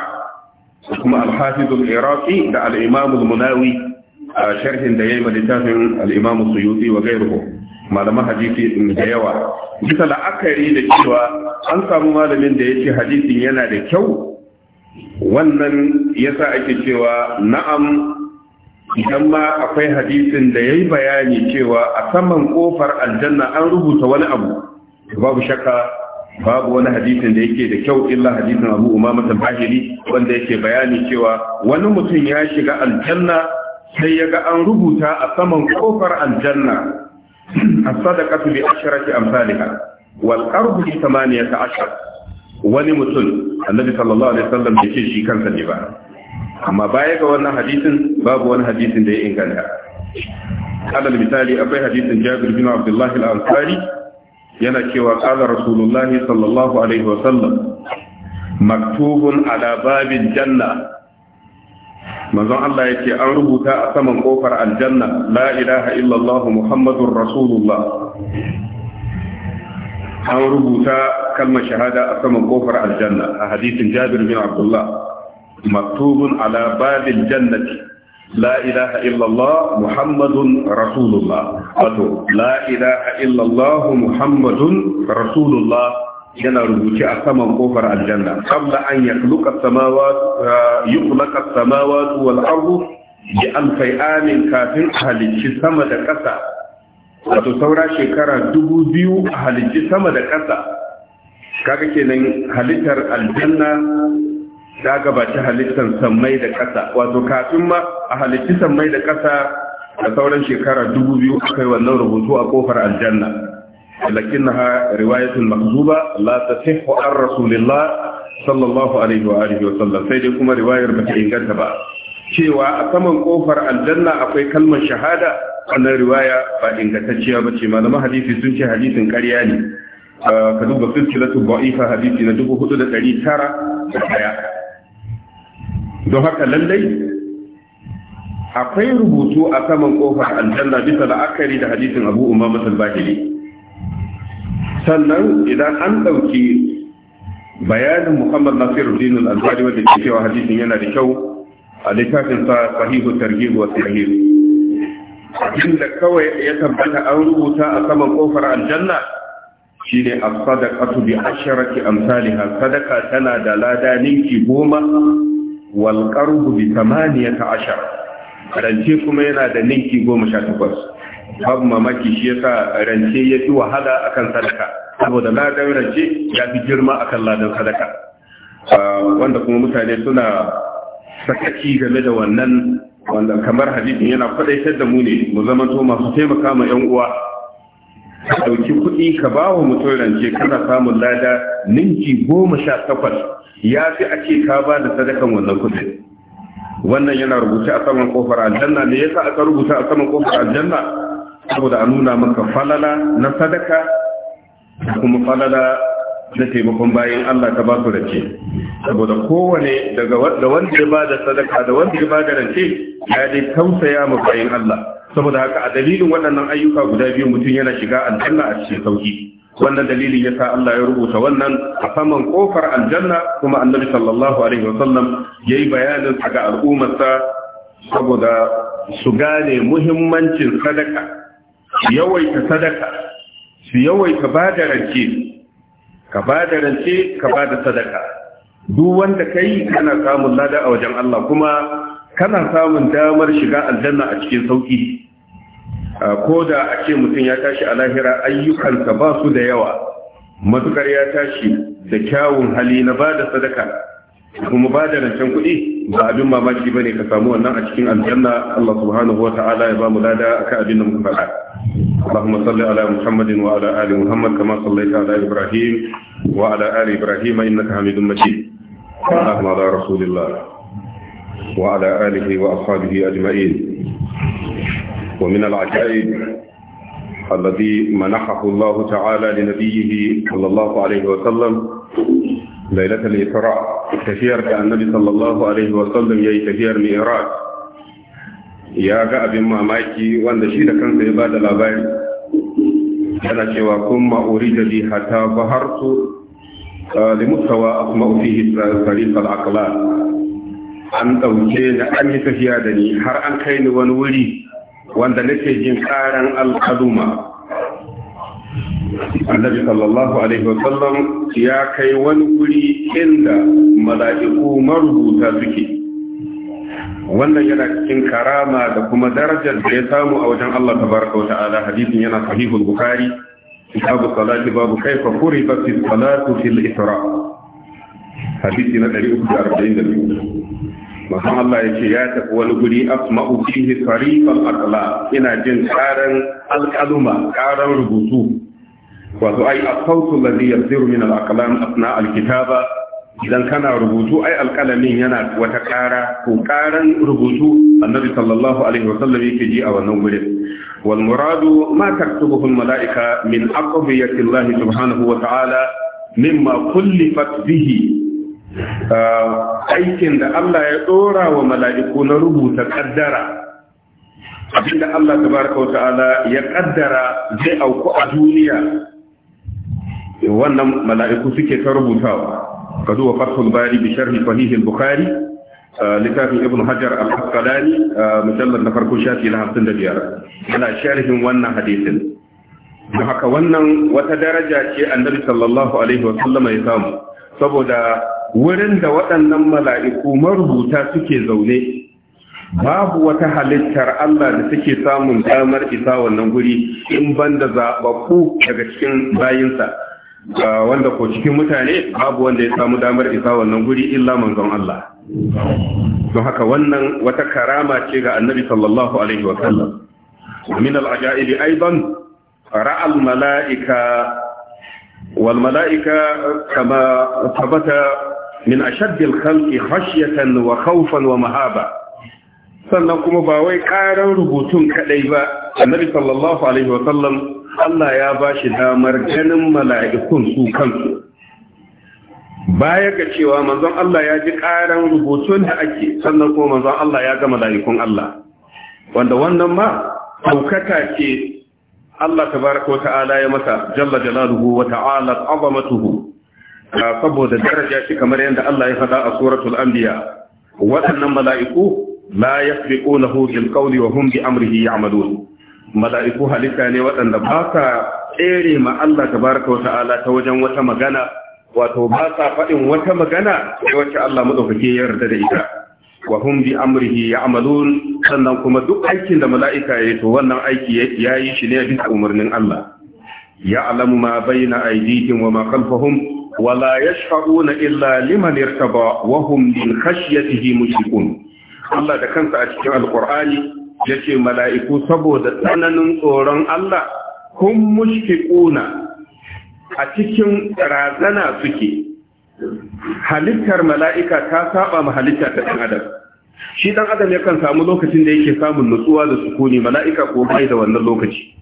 kuma al-hafiz al-iraqi da al-imam munawi a sharhin da yayi littafin al-imam suyuti wa ghayruhu malaman hadisi da yawa bisa la'akari da cewa an samu malamin da ya yace hadisin yana da kyau wannan yasa ake cewa na'am idan ma akwai hadisin da yayi bayani cewa a saman kofar aljanna an rubuta wani abu babu shakka babu wani hadisin da yake da kyau illa hadisin Abu Umama al-Bahili wanda yake bayani cewa wani mutum ya shiga aljanna sai yaga an rubuta a saman kofar aljanna as-sadaqatu bi asharati amsalika wal qardu bi 18 wani mutum annabi sallallahu alaihi wasallam da ke shi kansa ne ba amma baya ga wannan hadisin babu wani hadisin da ya inganta alal misali akwai hadisin Jabir bin Abdullah al-Ansari yana cewa qala rasulullahi sallallahu alaihi wasallam maktubun ala babin janna manzon Allah yake an rubuta a saman kofar aljanna la ilaha illallah muhammadur rasulullah an rubuta kalmar shahada a saman kofar aljanna a hadisin jabir bin abdullah maktubun ala babil jannati la ilaha illallah Muhammadun محمد wato la ilaha illallah muhammadun rasulullah yana rubuce a saman kofar aljanna qabla an yakhluqa samawat uh, yukhluqa samawat wal ardu bi alfi amin kafin halicci sama da ƙasa wato saura shekara dubu biyu a halicci sama da ƙasa kaga kenan halittar aljanna ta gabata halittar sammai da ƙasa wato kafin ma a halicci sammai da ƙasa a sauran shekara dubu biyu akai wannan rubutu a kofar aljanna ha riwayatul mahzuba la tasihhu an rasulillah sallallahu alaihi wa alihi wa sallam sai dai kuma riwayar bata inganta ba cewa a saman kofar aljanna akwai kalmar shahada wannan riwaya ba ingantacciya ba ce malama hadisi sun ce hadisin ƙarya ne ka duba silsilatu ba'ifa hadisi na dubu hudu da ɗari tara da ɗaya don haka lallai akwai rubutu a saman kofar aljanna bisa la'akari da hadisin abu umama al-bahili sannan idan an ɗauki bayanin muhammad Nasiru, al-albani wanda ke cewa hadisin yana da kyau a littafin sa sahihu targhib wa sahihu abinda kawai ya tabbata an rubuta a saman kofar aljanna shi shine as-sadaqatu bi asharati amsalha Sadaka tana da lada ninki goma wal qarbu bi 18 rance kuma yana da ninki goma sha takwas. babu mamaki shi yasa rance ya fi wahala akan sadaka saboda ladan rance ya fi girma akan ladan sadaka ah, wanda kuma mutane suna sakaci game da wannan wanda kamar hadisin yana kwadaitar da mu ne mu zama to masu taimaka ma yan uwa ka ɗauki kuɗi ka ba wa mutum rance kana samun lada ninki goma sha takwas ya fi a ce ka ba da sadakan wannan kuɗi. wannan yana rubuta a saman kofar aljanna ne yasa aka rubuta a saman kofar aljanna saboda a nuna maka falala na sadaka kuma falala na taimakon bayan Allah ta ba su rance saboda kowane daga wanda ya bada sadaka da wanda ya bada rance ya dai tausaya ma bayan Allah saboda haka a dalilin waɗannan ayyuka guda biyu mutum yana shiga aljanna a cikin sauki wannan dalilin ya sa Allah ya rubuta wannan a saman kofar aljanna kuma annabi sallallahu alaihi wa ya yayi bayanin ga al'ummarsa saboda su gane muhimmancin sadaka yawaita sadaka su yawaita bada rance ka ba da rance ka ba da sadaka duk wanda ka yi kana samun lada a wajen Allah kuma kana samun damar shiga aljanna a cikin sauki ko da a ce mutum ya tashi a lahira ayyukansa ba su da yawa matukar ya tashi da kyawun hali na ba da sadaka kuma ba da rancen kuɗi ba abin mamaki ba ne ka samu wannan a cikin aljanna Allah subhanahu wa ta'ala ya ba mu lada akan abin da muka faɗa اللهم صل على محمد وعلى آل محمد كما صليت على إبراهيم وعلى آل إبراهيم إنك حميد مجيد اللهم على رسول الله وعلى آله وأصحابه أجمعين ومن العجائب الذي منحه الله تعالى لنبيه صلى الله عليه وسلم ليلة الإسراء كثير كان النبي صلى الله عليه وسلم يتفير من ya ga abin mamaki wanda shi da kansa ya ba da labari yana cewa kun ma'uri da bi hata ba har su limustawa a kuma ofi sarifar akala an ɗauke da an yi tafiya da ni har an kai ni wani wuri wanda nake jin ƙaran alƙaluma annabi sallallahu alaihi wasallam ya kai wani wuri inda mala'iku marubuta suke wannan yana cikin karama da kuma darajar da ya samu a wajen Allah tabaraka wa ta'ala hadisin yana sahihul bukhari kitabu salati babu kaifa furidat salatu fil isra hadisi na 342 mahan Allah ce ya tafi wani guri asma'u fihi tariqal aqla ina jin karan alqaluma karan rubutu wato ai asautu alladhi yasiru min al-aqlam al'kitaba. idan kana rubutu ai alƙalamin yana wata ƙara ko ƙaran rubutu annabi sallallahu alaihi wasallam yake ji a wannan gurin wal muradu ma taktubuhu al malaika min aqdiyati Allah subhanahu wa ta'ala mimma kullifat bihi ah, aikin da Allah ya dora wa mala'iku na rubuta kaddara abinda Allah tabaraka wa ta'ala ya kaddara zai auku a duniya wannan mala'iku suke ta rubutawa ka zuwa Bishar bari bi bukhari littafin ibn hajar al-asqalani mujallad na farko shafi na 55 yana sharhin wannan hadisin don haka wannan wata daraja ce annabi sallallahu alaihi wa sallama ya samu saboda wurin da waɗannan mala'iku marubuta suke zaune babu wata halittar Allah da take samun damar isa wannan guri in banda zaɓaɓɓu daga cikin bayinsa wanda ko cikin mutane babu wanda ya samu damar isa wannan guri illa manzon Allah don haka wannan wata karama ce ga annabi sallallahu alaihi wa sallam min al-ajaibi aidan ra'a al-mala'ika wal mala'ika kama thabata min ashadd al-khalqi khashyatan wa khawfan wa mahaba sannan kuma ba wai karan rubutun kadai ba annabi sallallahu alaihi wa sallam Allah ya ba shi damar ganin mala'ikun su kansu baya ga cewa manzon Allah ya ji ƙaran rubutu da ake sannan kuma manzon Allah ya ga mala'ikun Allah wanda wannan ma ɗaukaka ce Allah tabaraka ta'ala ya masa jalla jalaluhu wa ta'ala azamatuhu saboda daraja shi kamar yadda Allah ya faɗa a suratul anbiya waɗannan mala'iku la yasbiqunahu bil qawli wa hum bi amrihi ya'malun mala'iku halitta ne waɗanda ba ka tsere ma Allah ta baraka wata ala ta wajen wata magana wato ba sa faɗin wata magana wacce Allah madaukake ya yarda da ita wa hum bi amrihi ya'malun sannan kuma duk aikin da mala'ika yayi to wannan aiki ya yayi shi ne bisa umarnin Allah ya'lamu ma baina aydihim wa ma khalfahum wa la illa liman irtaba wa hum min khashyatihi mushrikun Allah da kansa a cikin alqur'ani yace mala'iku saboda tsananin tsoron Allah kun mushfiquna a cikin razana suke halittar mala'ika ta saba ma halitta ta ɗan adam shi ɗan adam yakan samu lokacin da yake samun nutsuwa da sukuni mala'ika ko bai da wannan lokaci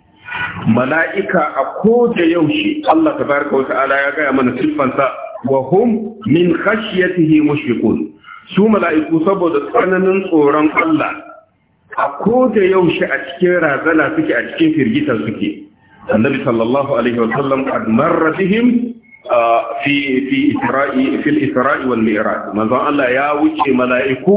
mala'ika a ko da yaushe Allah tabaraka wa ta'ala ya gaya mana siffansa wa hum min khashyatihi mushfiqun su mala'iku saboda tsananin tsoron Allah a ko da yaushe a cikin razana suke a cikin firgita suke annabi sallallahu alaihi wasallam qad marra bihim fi fi isra'i fil isra'i wal mi'raj manzon Allah ya wuce mala'iku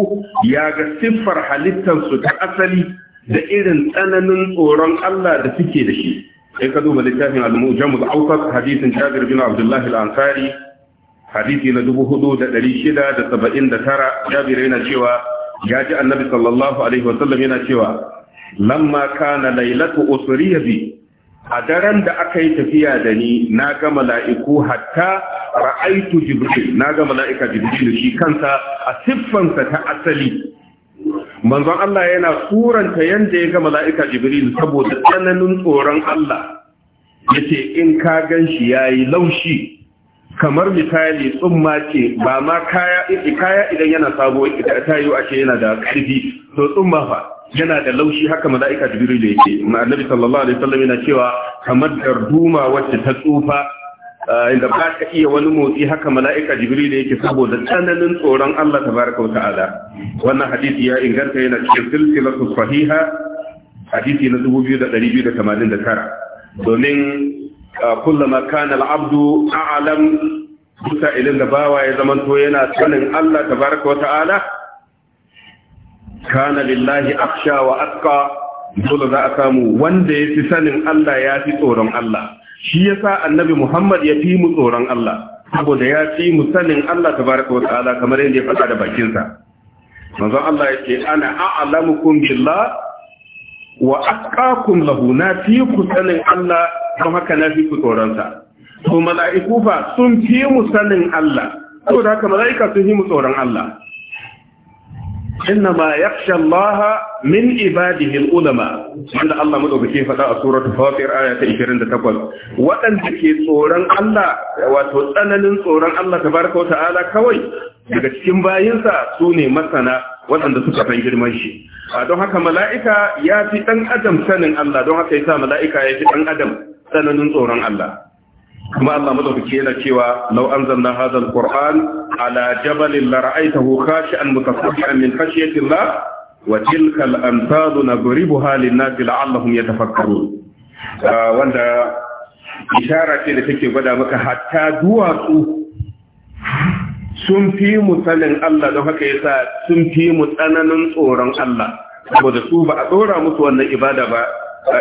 ya ga siffar halittar su ta asali da irin tsananin tsoron Allah da suke da shi sai ka duba littafin al-mujam al-awsat hadisin Jabir bin Abdullah al-Ansari hadisi na 4679 Jabir yana cewa ya ji annabi sallallahu alaihi wasallam yana cewa lamma kana lailatu usriya a daren da aka yi tafiya da ni na ga mala'iku hatta ra'aitu jibril na ga mala'ika jibril shi kansa a siffansa ta asali manzon Allah yana suranta yanda ya ga mala'ika jibril saboda tsananin tsoron Allah yace in ka gan shi yayi laushi kamar misali tsumma ce ba ma kaya kaya idan yana sabo ita ta yi ashe yana da karfi to tsumma fa yana da laushi haka mala'ika jibril yake annabi sallallahu alaihi wasallam yana cewa kamar darduma wacce ta tsufa eh, inda ba ka iya wani motsi haka mala'ika jibril yake saboda tsananin tsoron Allah tabaraka ta'ala wannan hadisi ya inganta yana cikin silsilatu sahiha hadisi na 2289 domin kullama kana al'abdu a'lam duka ilin da bawa ya zamanto yana sanin Allah tabaraka wa ta'ala kana lillahi akhsha wa Aska, dole za a samu wanda ya fi sanin Allah ya fi tsoron Allah shi yasa annabi Muhammad ya fi mu tsoron Allah saboda ya fi mu sanin Allah tabaraka wa ta'ala kamar yadda ya faɗa da bakinsa manzon Allah yake ana a'lamukum billah wa atqakum lahu na fi ku sanin Allah don haka na fi tsoronsa to mala'iku fa sun fi mu sanin Allah saboda haka mala'ika sun fi mu tsoron Allah إنما يخشى الله من عباده العلماء عند الله مدوكي فتا سورة فاطر آية 28 وأن تكي صورا الله وتسألن صورا الله تبارك وتعالى كوي daga cikin bayinsa su ne masana waɗanda suka san girman shi don haka mala'ika ya fi ɗan adam sanin Allah don haka ya sa mala'ika ya fi ɗan adam tsananin tsoron Allah kuma Allah madaukake yana cewa law anzalna hadha alquran ala jabalin la ra'aytahu khashi'an mutasaddian min khashyati Allah wa tilka al-amsalu nadribuha lin-nas la'allahum yatafakkarun ah, wanda ishara ce da take gwada maka hatta duwatsu sun fi mu Allah don haka yasa sun fi mu tsananin tsoron Allah saboda su ba a tsora musu wannan ibada ba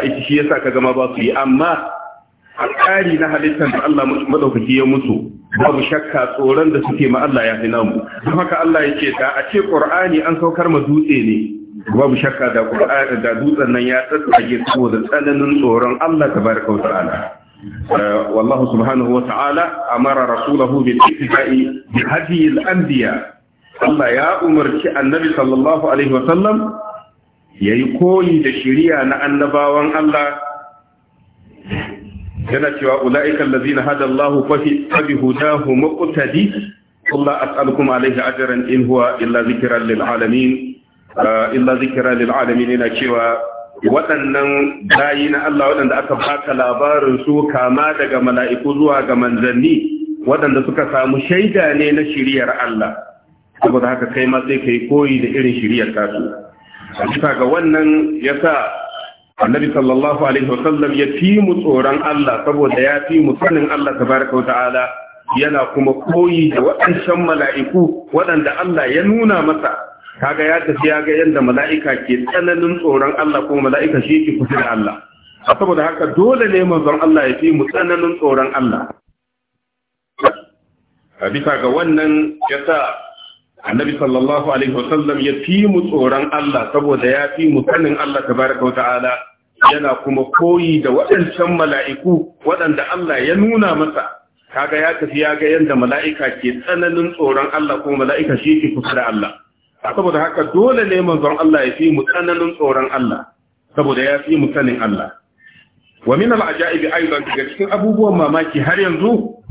ita shi yasa ka gama ba su yi amma a na halittar da Allah maɗaukaki ya mutu. babu shakka tsoron da suke ma Allah ya fi namu don haka Allah ya ce da a ce Qur'ani an saukar ma dutse ne babu shakka da Qur'ani da dutsen nan ya tsatsage saboda tsananin tsoron Allah eh, subhanahu wa ta'ala والله سبحانه وتعالى أمر رسوله بالاتفاء بهدي Allah ya umarci annabi sallallahu Alaihi wasallam ya yi koyi da shiriya na annabawan Allah yana cewa ula'ika allazina hada Allah fa bi hudahu muqtadi kullu as'alukum alayhi ajran in huwa illa zikran lil alamin uh, illa zikran lil alamin yana cewa waɗannan bayi na Allah waɗanda aka baka labarin su kama daga mala'iku zuwa ga manzanni waɗanda suka samu shaida ne na shiriyar Allah saboda haka kai ma sai kai koyi da irin shiriyar kasu a ga wannan yasa annabi sallallahu alaihi wasallam ya fi mu tsoron Allah saboda ya fi mu sanin Allah tabaraka wa ta'ala yana kuma koyi da waɗancan mala'iku waɗanda Allah ya nuna masa kaga ya tafi ya ga yadda mala'ika ke tsananin tsoron Allah kuma mala'ika shi ke kusa da Allah saboda haka dole ne manzon Allah ya fi mu tsananin tsoron Allah bisa ga wannan yasa annabi sallallahu alaihi wasallam ya fi mu tsoron Allah saboda ya fi mu sanin Allah tabaraka wa ta'ala yana kuma koyi da waɗancan mala'iku waɗanda Allah ya nuna masa kaga ya tafi ya ga yadda mala'ika ke tsananin tsoron Allah kuma mala'ika shi ke kusa da Allah saboda haka dole ne manzon Allah ya fi mu tsananin tsoron Allah saboda ya fi mu sanin Allah wa min al'ajaibi aidan daga cikin abubuwan mamaki har yanzu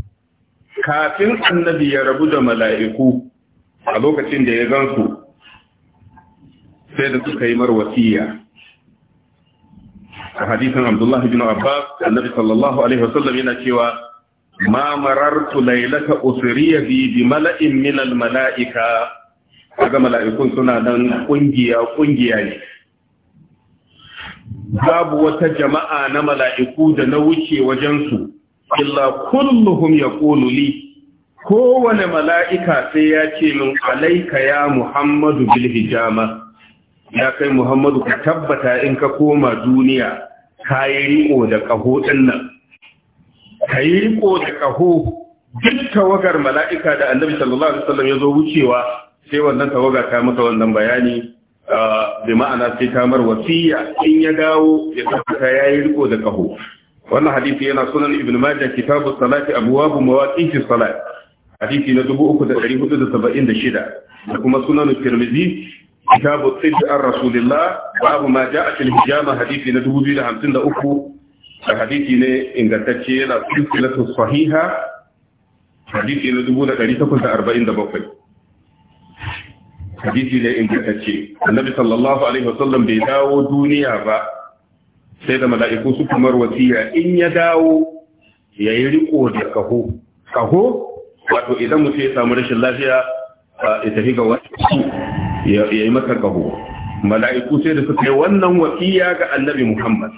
kafin annabi ya rabu da mala'iku a lokacin da ya gansu sai da suka yi marwasiya a hadisin Abdullah ibn Abbas annabi sallallahu alaihi wasallam yana cewa ma marartu laylata usriya bi bi mala'in min al mala'ika kaga mala'ikun suna nan kungiya kungiya ne babu wata jama'a na mala'iku da na wuce wajensu, illa kulluhum ya li kowane mala'ika sai ya ce min alaika ya Muhammadu bil hijama, ya kai Muhammadu ka tabbata in ka koma duniya, ka yi riƙo da ƙaho ɗin nan ka yi riƙo da ƙaho duk tawagar mala'ika da annabi sallallahu alaihi wasallam ya zo wucewa sai wannan tawaga ta masa wannan bayani bi ma'ana sai ta mar wasiya in ya dawo ya tabbata ya yi riko da ƙaho wannan hadisi yana sunan ibn majah kitabu salati abwabu mawaqiti salat hadisi na 3476 da kuma sunan tirmidhi كتاب الطب عن رسول الله باب ما جاء في الحجامة حديث ندوب إلى همسين أخو حديث إن تتشي إلى السلسلة الصحيحة حديث ندوب إلى كريسة كنت أربعين دبوكي حديث إلى إن تتشي النبي صلى الله عليه وسلم بيداو دنيا با سيدة ملائكو سكمر وسيا إن يداو يريقو دي كهو كهو wato idan mutum ya samu rashin lafiya ya tafi ga wani ya yi masa kaho mala'iku sai da suka yi wannan wasiya ga annabi Muhammad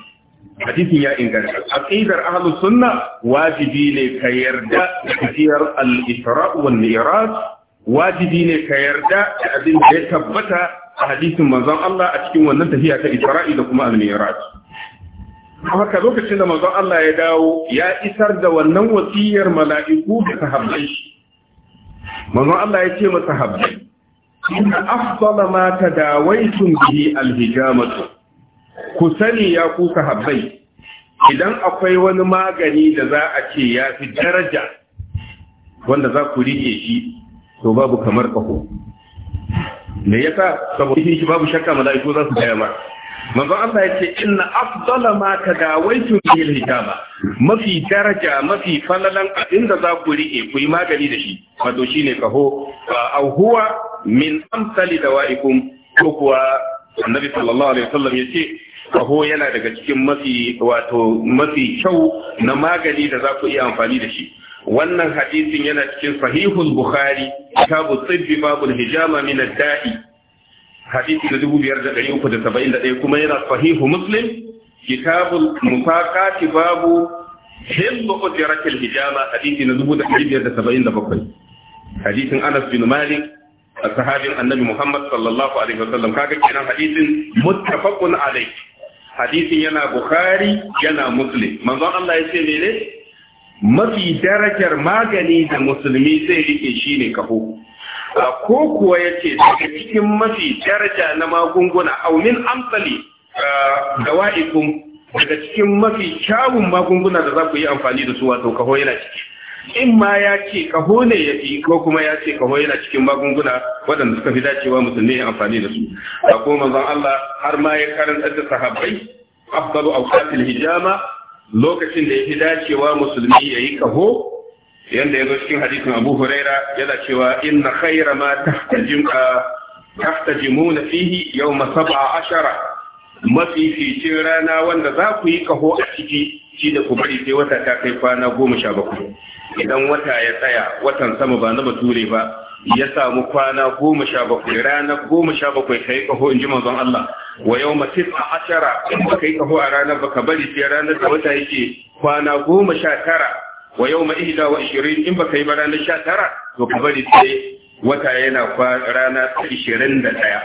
hadisin ya inganta aqidar ahlus sunna wajibi ne ka yarda da tafiyar al-isra wal mi'raj wajibi ne ka yarda da abin da ya tabbata a hadisin manzon Allah a cikin wannan tafiya ta isra'i da kuma al-mi'raj haka lokacin da manzon Allah ya dawo ya isar da wannan wasiyar mala'iku da sahabbai manzon Allah ya ce masa sahabbai inna afdala ma tadawaitum bihi alhijamatu ku sani ya ku sahabbai idan akwai wani magani da za a ce ya fi daraja wanda za ku rike shi to babu kamar kaho me yasa saboda shi babu shakka mala'iku za su gaya ma manzo Allah yace inna afdala ma tadawaitu bil hijaba mafi daraja mafi falalan abinda za ku rike ku yi magani da shi wato shine kaho au huwa min amsali dawaikum ko kuwa annabi sallallahu alaihi wasallam yace kaho yana daga cikin mafi wato mafi kyau na magani da za ku iya amfani da shi wannan hadisin yana cikin sahihul bukhari kitabu tibbi babul hijama min ad-da'i hadisi da dubu biyar da ɗari uku da saba'in da ɗaya kuma yana sahihu muslim kitabul mufaqati babu hillu ujratil hijama hadisi na dubu da ɗari biyar da saba'in da bakwai hadisin anas bin malik sahabin annabi muhammad sallallahu alaihi wasallam kaga kenan hadisin muttafaqun alaihi hadisin yana bukhari yana muslim manzon Allah ya ce mene mafi darajar magani da musulmi zai rike shine kaho ko kuwa yace daga cikin mafi daraja na magunguna aumin amsali. amsali ah, wa'ikun daga cikin mafi kyawun magunguna da za ku yi amfani da su wato kaho yana ciki in ma ya ce kaho ne ya fi ko kuma ya ce kaho yana cikin magunguna waɗanda suka fi dacewa musulmi ya amfani da su a ko mazan Allah har ma ya karanta da sahabbai afdalu awqatil hijama lokacin da ya fi dacewa musulmi ya yi kaho yanda ya zo cikin hadisin abu huraira yana cewa inna khaira ma tahtajim tahtajimuna fihi yawma sab'a ashara mafificin rana wanda za ku yi kaho a ciki shi da ku bari sai wata ta kai kwana goma sha bakwai idan wata ya tsaya watan sama ba na bature ba ya samu kwana goma sha bakwai ranar goma sha bakwai ka yi kaho in ji manzon Allah wa yau matis a ashara ka yi kaho a ranar ba ka bari sai ranar da wata yake kwana goma sha tara wa yau ma ihda wa ishirin in baka yi ba ranar sha tara to ka bari sai wata yana rana ishirin da ɗaya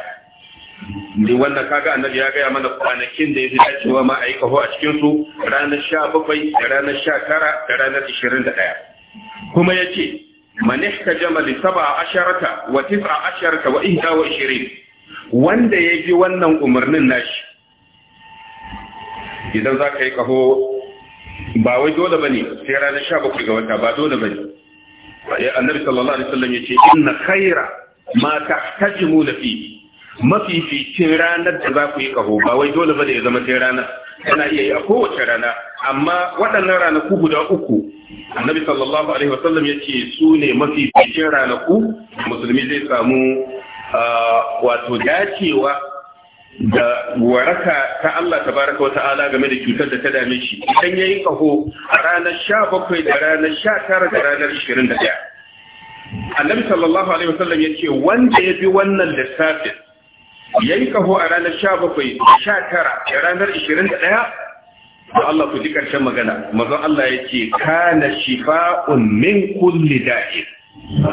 Ni wannan kaga annabi ya gaya mana kwanakin da ya fi cewa ma a yi kaho a cikinsu ranar sha bakwai da ranar sha tara da ranar ishirin da ɗaya kuma ya ce manishka jamali saba asharata wa tis'a asharata wa ihda wa ishirin wanda ya ji wannan umarnin nashi idan za ka yi kaho ba wai dole bane sai ranar 17 ga wata ba dole bane sai annabi sallallahu alaihi wasallam yace inna khaira ma tahtajimu fi cin ranar da za ku yi kaho ba wai dole bane ya zama sai rana. yana iya yi a kowace rana amma waɗannan ranaku guda uku annabi sallallahu alaihi wasallam yace su ne rana ranaku musulmi zai samu ah, wato dacewa da waraka ta Allah ta baraka wa ta'ala game da cutar da ta dame shi idan yi kaho a ranar sha bakwai da ranar sha tara da ranar ishirin da daya. Annabi sallallahu alaihi wasallam ce wanda ya bi wannan ya yi kaho a ranar sha bakwai da sha tara da ranar ishirin da daya. Allah ku ji karshen magana manzon Allah ya yace kana shifa'un min kulli da'in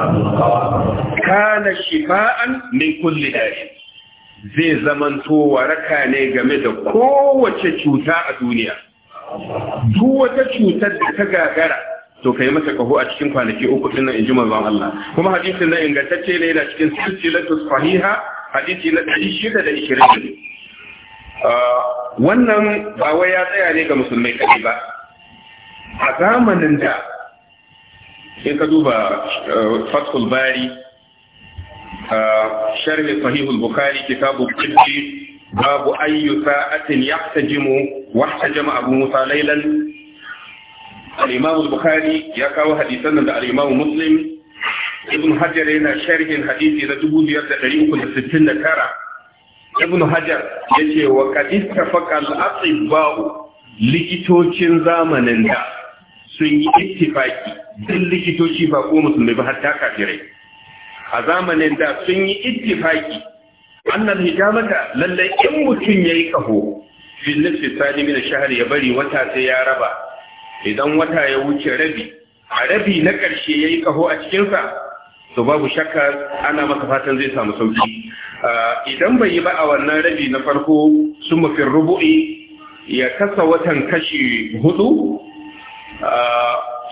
kana shifa'an min kulli da'in zai zamanto raka ne game da kowace cuta a duniya duk wata cutar da ta gagara to kai mata kaho a cikin kwanaki uku din nan inji manzon Allah kuma hadisin nan ingantacce ne yana cikin silsilatu sahiha hadisi na 620 ah, wannan ba wai ya tsaya ne ga musulmai kai ba a zamanin da in ka duba ah, fatul bari sharh sahih al-bukhari kitab babu ayyu sa'atin yahtajimu wahtajama abu musa laylan al-imam al-bukhari ya kawo hadisan da al-imam muslim hajar yana sharhin hadisi na 2369 ibn hajar ya ce wa kadista faƙal asibba'u likitocin zamanin da sun yi ittifaki duk likitoci ba ko musulmi ba a zamanin da sun yi ittifaki annal hijamata lallai in mutum yayi kaho fil nisfi salimi na shahar ya bari wata sai ya raba idan wata ya wuce rabi a rabi na ƙarshe yayi kaho a cikin sa to babu shakka ana masa fatan zai samu sauki idan bai yi ba a wannan rabi na farko sun mafin rubu'i ya kasa watan kashi hudu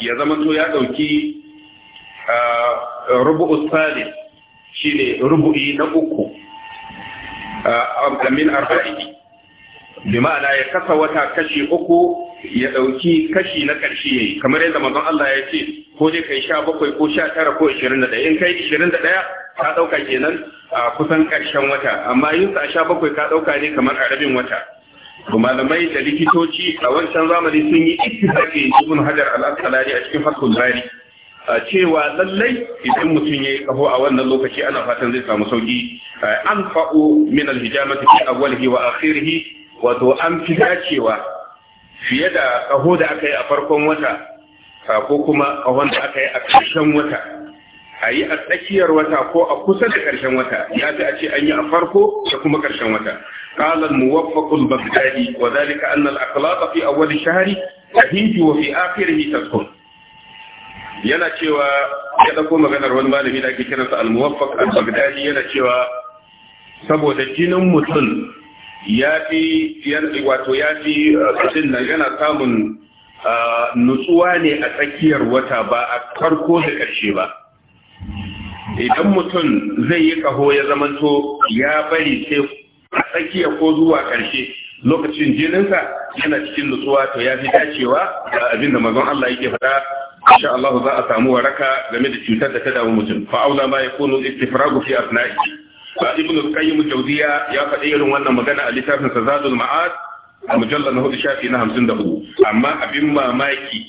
ya zama to ya ɗauki. rubu'u salis ne rubu'i na uku min arba'i bi ma'ana ya kasa wata kashi uku ya dauki kashi na karshe yayi kamar yadda manzon Allah ya ce ko dai kai 17 ko 19 ko 21 in kai 21 ka dauka kenan a kusan karshen wata amma yin sa 17 ka dauka ne kamar a rabin wata malamai da likitoci a wancan zamani sun yi ittifaqi ibn Hajar al-Asqalani a cikin Fathul Bari cewa lallai idan mutum ya yi kafo a wannan lokaci ana fatan zai samu sauki an fa'o min alhijamati fi awwalihi wa akhirihi wato an fi dacewa fiye da kaho da aka yi a farkon wata ko kuma kahon da aka yi a karshen wata a yi a tsakiyar wata ko a kusa da karshen wata ya fi a ce an yi a farko da kuma ƙarshen wata قال الموفق البغدادي وذلك أن الأخلاق في أول الشهر تهيج وفي آخره تسكن yana cewa ya dauko maganar wani malami da ake kiransa al-muwaffaq al-baghdadi yana cewa saboda jinin mutum ya fi wato ya fi uh, mutum nan yana samun uh, nutsuwa ne a tsakiyar wata ba a farko da ƙarshe ba idan mutum zai yi kaho ya zamanto ya bari sai a tsakiya ko zuwa ƙarshe lokacin jininsa yana cikin nutsuwa to ya fi dacewa abinda abin mazan Allah yake faɗa insha Allah za a samu waraka game da cutar da ta damu mutum fa aula ma yakunu istifragu fi asna'i fa ibn al-qayyim jawziya ya faɗi irin wannan magana a littafin sa zadul ma'ad a mujallal na hudu shafi na hudu. amma abin mamaki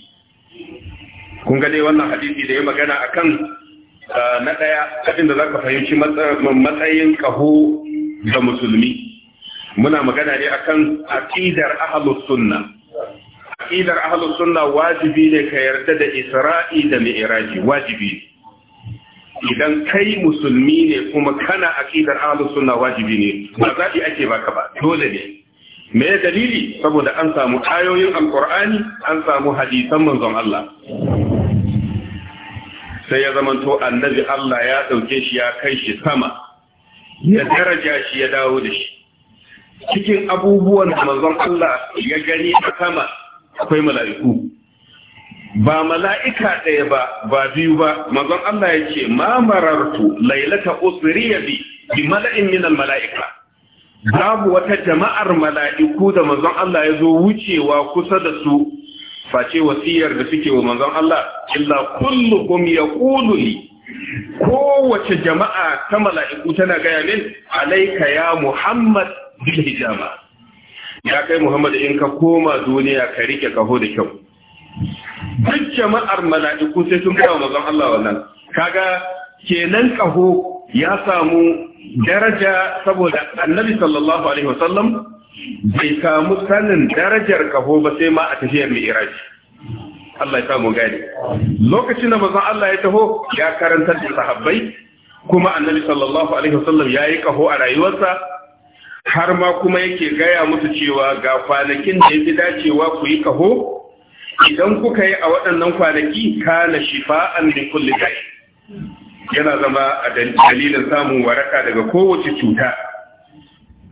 kun ga dai wannan hadisi da ya magana akan ah, na ɗaya? abin da zaka fahimci matsayin kaho da musulmi muna magana ne akan aqidar ahlus sunna aqidar ahlus sunna wajibi ne ka yarda da isra'i da mi'raji wajibi idan kai musulmi ne kuma kana aƙidar ahlus sunna wajibi ne ba zabi ake baka ba dole ne me ya dalili saboda an samu ayoyin Alƙur'ani, an samu hadisan manzon Allah sai ya zamanto annabi Allah ya ɗauke shi ya kai shi sama ya daraja shi ya dawo da shi cikin abubuwan da manzon Allah ya gani a sama akwai mala'iku ba mala'ika ɗaya ba ba biyu ba mazan Allah ya ce ma marartu lailata usriya bi bi mala'in min al mala'ika babu wata jama'ar mala'iku da mazan Allah ya zo wucewa kusa da su face wasiyar da suke wa mazan Allah illa kullukum yaqulu li kowace jama'a ta mala'iku tana gaya min Alayka ya Muhammad bil hijama ya kai Muhammad in ka koma duniya ka rike kaho da kyau duk jama'ar mala'iku sai sun kawo mazan Allah wannan kaga kenan kaho ya samu daraja saboda annabi sallallahu alaihi wasallam bai samu sanin darajar kaho ba sai ma a tafiyar mi'raj Allah ya samu gani lokacin da mazan Allah ya taho ya karanta da sahabbai kuma annabi sallallahu alaihi wasallam yayi kaho a rayuwarsa har ma kuma yake gaya musu cewa ga kwanakin da ya fi dacewa ku yi kaho idan kuka yi a waɗannan kwanaki ka kana shifa'an min kulli dai yana zama a dalilin samun waraka daga kowace cuta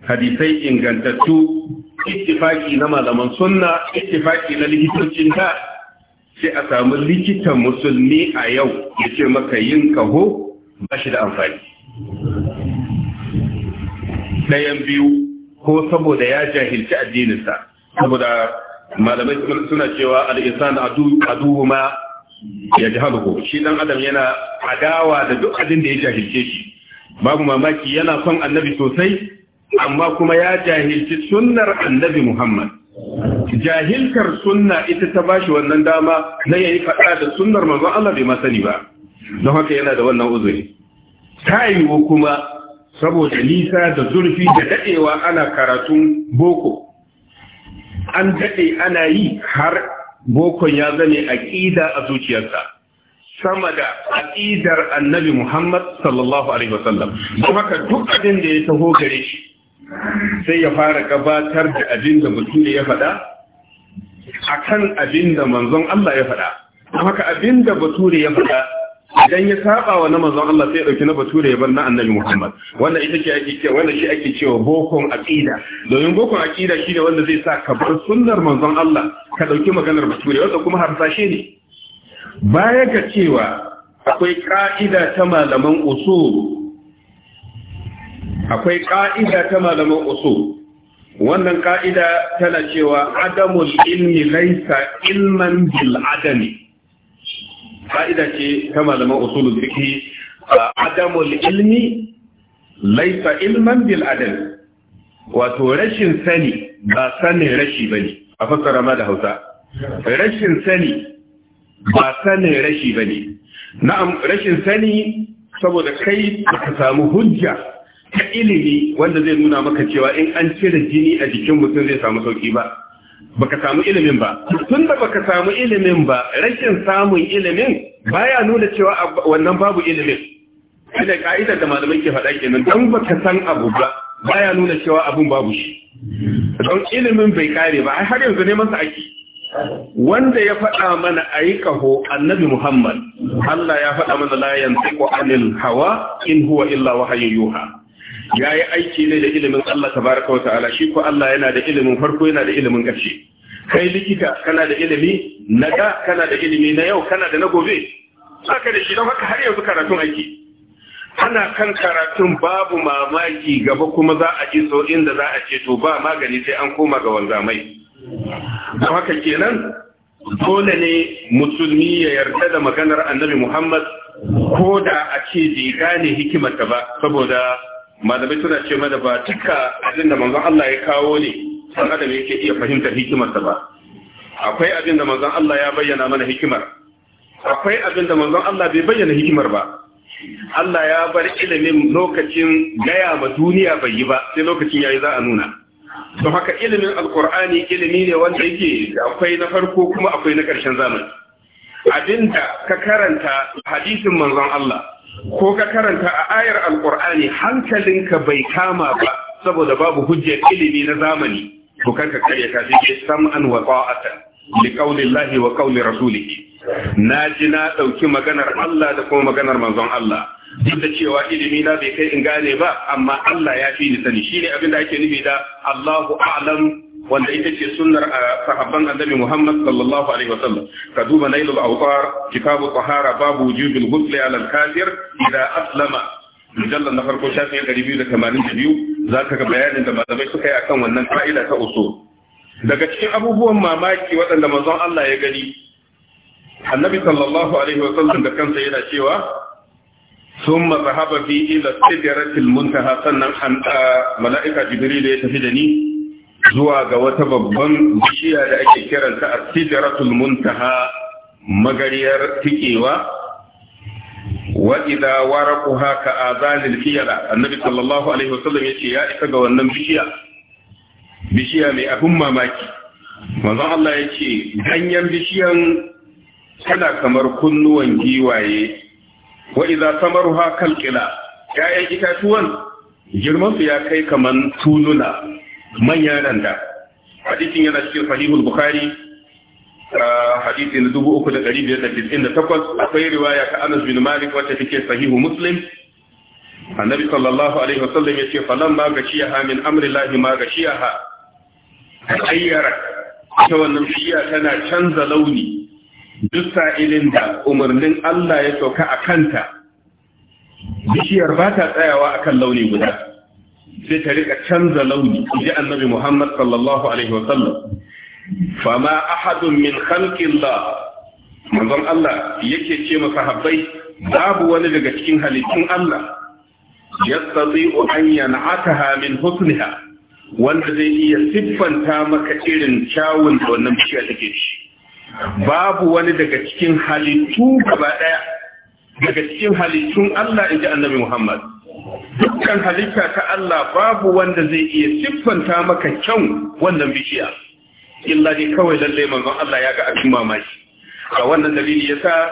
hadisai ingantattu ittifaki na malaman sunna ittifaki na likitocin da sai a samu likitan musulmi a yau ya ce maka yin kaho ba shi da amfani ɗayan biyu ko saboda ya jahilci addininsa saboda malamai suna cewa al'isan aduhu ma ya jahaluhu shi ɗan adam yana adawa da duk abin da ya jahilce shi babu mamaki yana son annabi sosai amma kuma ya jahilci sunnar annabi muhammad jahilkar sunna ita ta bashi wannan dama na yayi faɗa da sunnar manzon Allah bai masani ba don haka yana da wannan uzuri ta yiwu kuma saboda nisa da zurfi da daɗewa ana karatun boko an daɗe ana yi har bokon ya zane aqida a zuciyarsa sama da aqidar annabi Muhammad sallallahu alaihi wasallam don haka duk abin da ya taho gare shi sai ya fara gabatar da abin da mutum ya faɗa akan abin da manzon Allah ya faɗa don haka abin da bature ya faɗa idan ya saba wa na manzon Allah sai ya dauki na bature ya na annabi Muhammad wannan ita ce ake cewa wannan shi ake cewa bokon aqida domin bokon aqida shi ne wanda zai sa ka bar sunnar manzon Allah ka ɗauki maganar bature wanda kuma harsashe ne baya ga cewa akwai ka'ida ta malaman usul akwai ka'ida ta malaman usul wannan ka'ida tana cewa adamul ilmi laysa ilman bil adami fa'ida ce ta malaman usulul fiqh adamul ilmi laisa ilman bil adal wato rashin sani ba sanin rashi bane a fassara ma da Hausa rashin sani ba sanin rashi bane na'am rashin sani saboda kai ka samu hujja ta ilimi wanda zai nuna maka cewa in an cire jini a jikin mutum zai samu sauki ba baka samu ilimin ba tun da baka samu ilimin ba rashin samun ilimin baya nuna cewa wannan babu ilimin ina ka'idar da malamai ke faɗa kenan dan baka san abu ba baya nuna cewa abun babu shi don ilimin bai kare ba har yanzu ne sa ake wanda ya faɗa mana a yi annabi Muhammad, Allah ya faɗa mana layan ko anil hawa in huwa illa wahayin yuha. ya yi aiki ne da ilimin Allah tabaraka wa ta'ala shi ko Allah yana da ilimin farko yana da ilimin ƙarshe kai likita kana da ilimi na da kana da ilimi na yau kana da na gobe haka da shi don haka har yanzu karatun aiki ana kan karatun babu mamaki gaba kuma za a iso da za a ce to ba magani sai an koma ga wanzamai don haka kenan dole ne musulmi ya yarda da maganar annabi muhammad ko da a ce bai gane hikimarta ba saboda malamai suna ce mana ba duka abin da manzon Allah ya kawo ne san adam yake iya fahimtar hikimarsa ba akwai abin da manzon Allah ya bayyana mana hikimar akwai abin da manzon Allah bai bayyana hikimar ba Allah ya bar ilimin lokacin gaya ma duniya bai yi ba sai lokacin yayi za a nuna don haka ilimin alkur'ani ilimi ne wanda yake akwai na farko kuma akwai na ƙarshen zamani abinda ka karanta hadisin manzon Allah ko ka karanta a ayar alkur'ani hankalinka bai kama ba saboda babu hujjar ilimi na zamani to karka karya ka sai sam'an wa ta'atan li qaulillahi wa qauli rasulih na ji na dauki maganar Allah da kuma maganar manzon Allah duk da cewa ilimi na bai kai in gane ba amma Allah ya fi ni sani shine abin da ake nufi da Allahu a'lam wanda ita ce sunnar sahabban annabi Muhammad sallallahu alaihi wasallam ka duba nailul awtar kitabu tahara babu wujubil ghusl ala al-kafir idza aslama mujallal na farko shafi 282 zaka ga bayanin da malamai suka yi akan wannan ka'ida ta usul daga cikin abubuwan mamaki waɗanda manzon Allah ya gani annabi sallallahu alaihi wasallam da kansa yana cewa ثم ذهب في إلى السدرة المنتهى سنة ملائكة جبريل يتفدني zuwa ga wata babban bishiya da ake kiranta a sidiratul muntaha magariyar tikewa wa idza waraquha ka azalil fiyala annabi sallallahu alaihi wasallam yace ya isa ga wannan bishiya bishiya mai abun mamaki manzon Allah yace ganyen bishiyan tana kamar kunnuwan giwaye wa idza samaruha kalqila ya'yan itatuwan girman su ya kai kaman tununa. manyan randa hadisin yana cikin sahihul bukhari hadisi dubu uku da ɗari biyar da da takwas akwai riwaya ta anas bin malik wacce take sahihu muslim annabi sallallahu alaihi wasallam ya ce falan ma gashiyaha min amrillahi ma gashiyaha ayyara ta wannan shiya tana canza launi duk sa'ilin da umarnin Allah ya sauka a kanta bishiyar ba ta tsayawa akan launi guda sai ta rika canza launi ji annabi Muhammad sallallahu alaihi wa sallam fama ahadun min khalqillah manzon Allah yake ce ma sahabbai? babu wani daga cikin halittun Allah yastati'u an yan'ataha min husniha wanda zai iya siffanta maka irin kyawun da wannan bishiya take shi babu wani daga cikin halittu gaba daya daga cikin halittun Allah inji annabi Muhammad dukkan halitta ta Allah babu wanda zai iya siffanta maka kyan wannan bishiya illa dai kawai lallai manzon Allah ya ga abin mamaki a wannan dalili yasa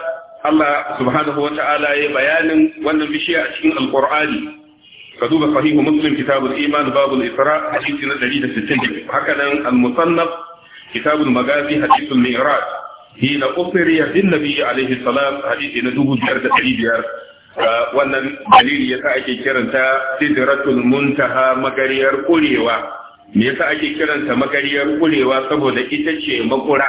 Allah subhanahu ta'ala ya bayanin wannan bishiya a cikin alqur'ani ka duba sahihu muslim kitabul iman babul isra hadisi na 160 haka nan al-musannaf kitabul magazi hadisul mi'raj hina usriya bin nabi alaihi salam hadisi na dubu biyar da dari biyar ah, wannan dalili sa ake kiranta sidratul muntaha magariyar kurewa me yasa ake kiranta magariyar kurewa saboda ita ce makura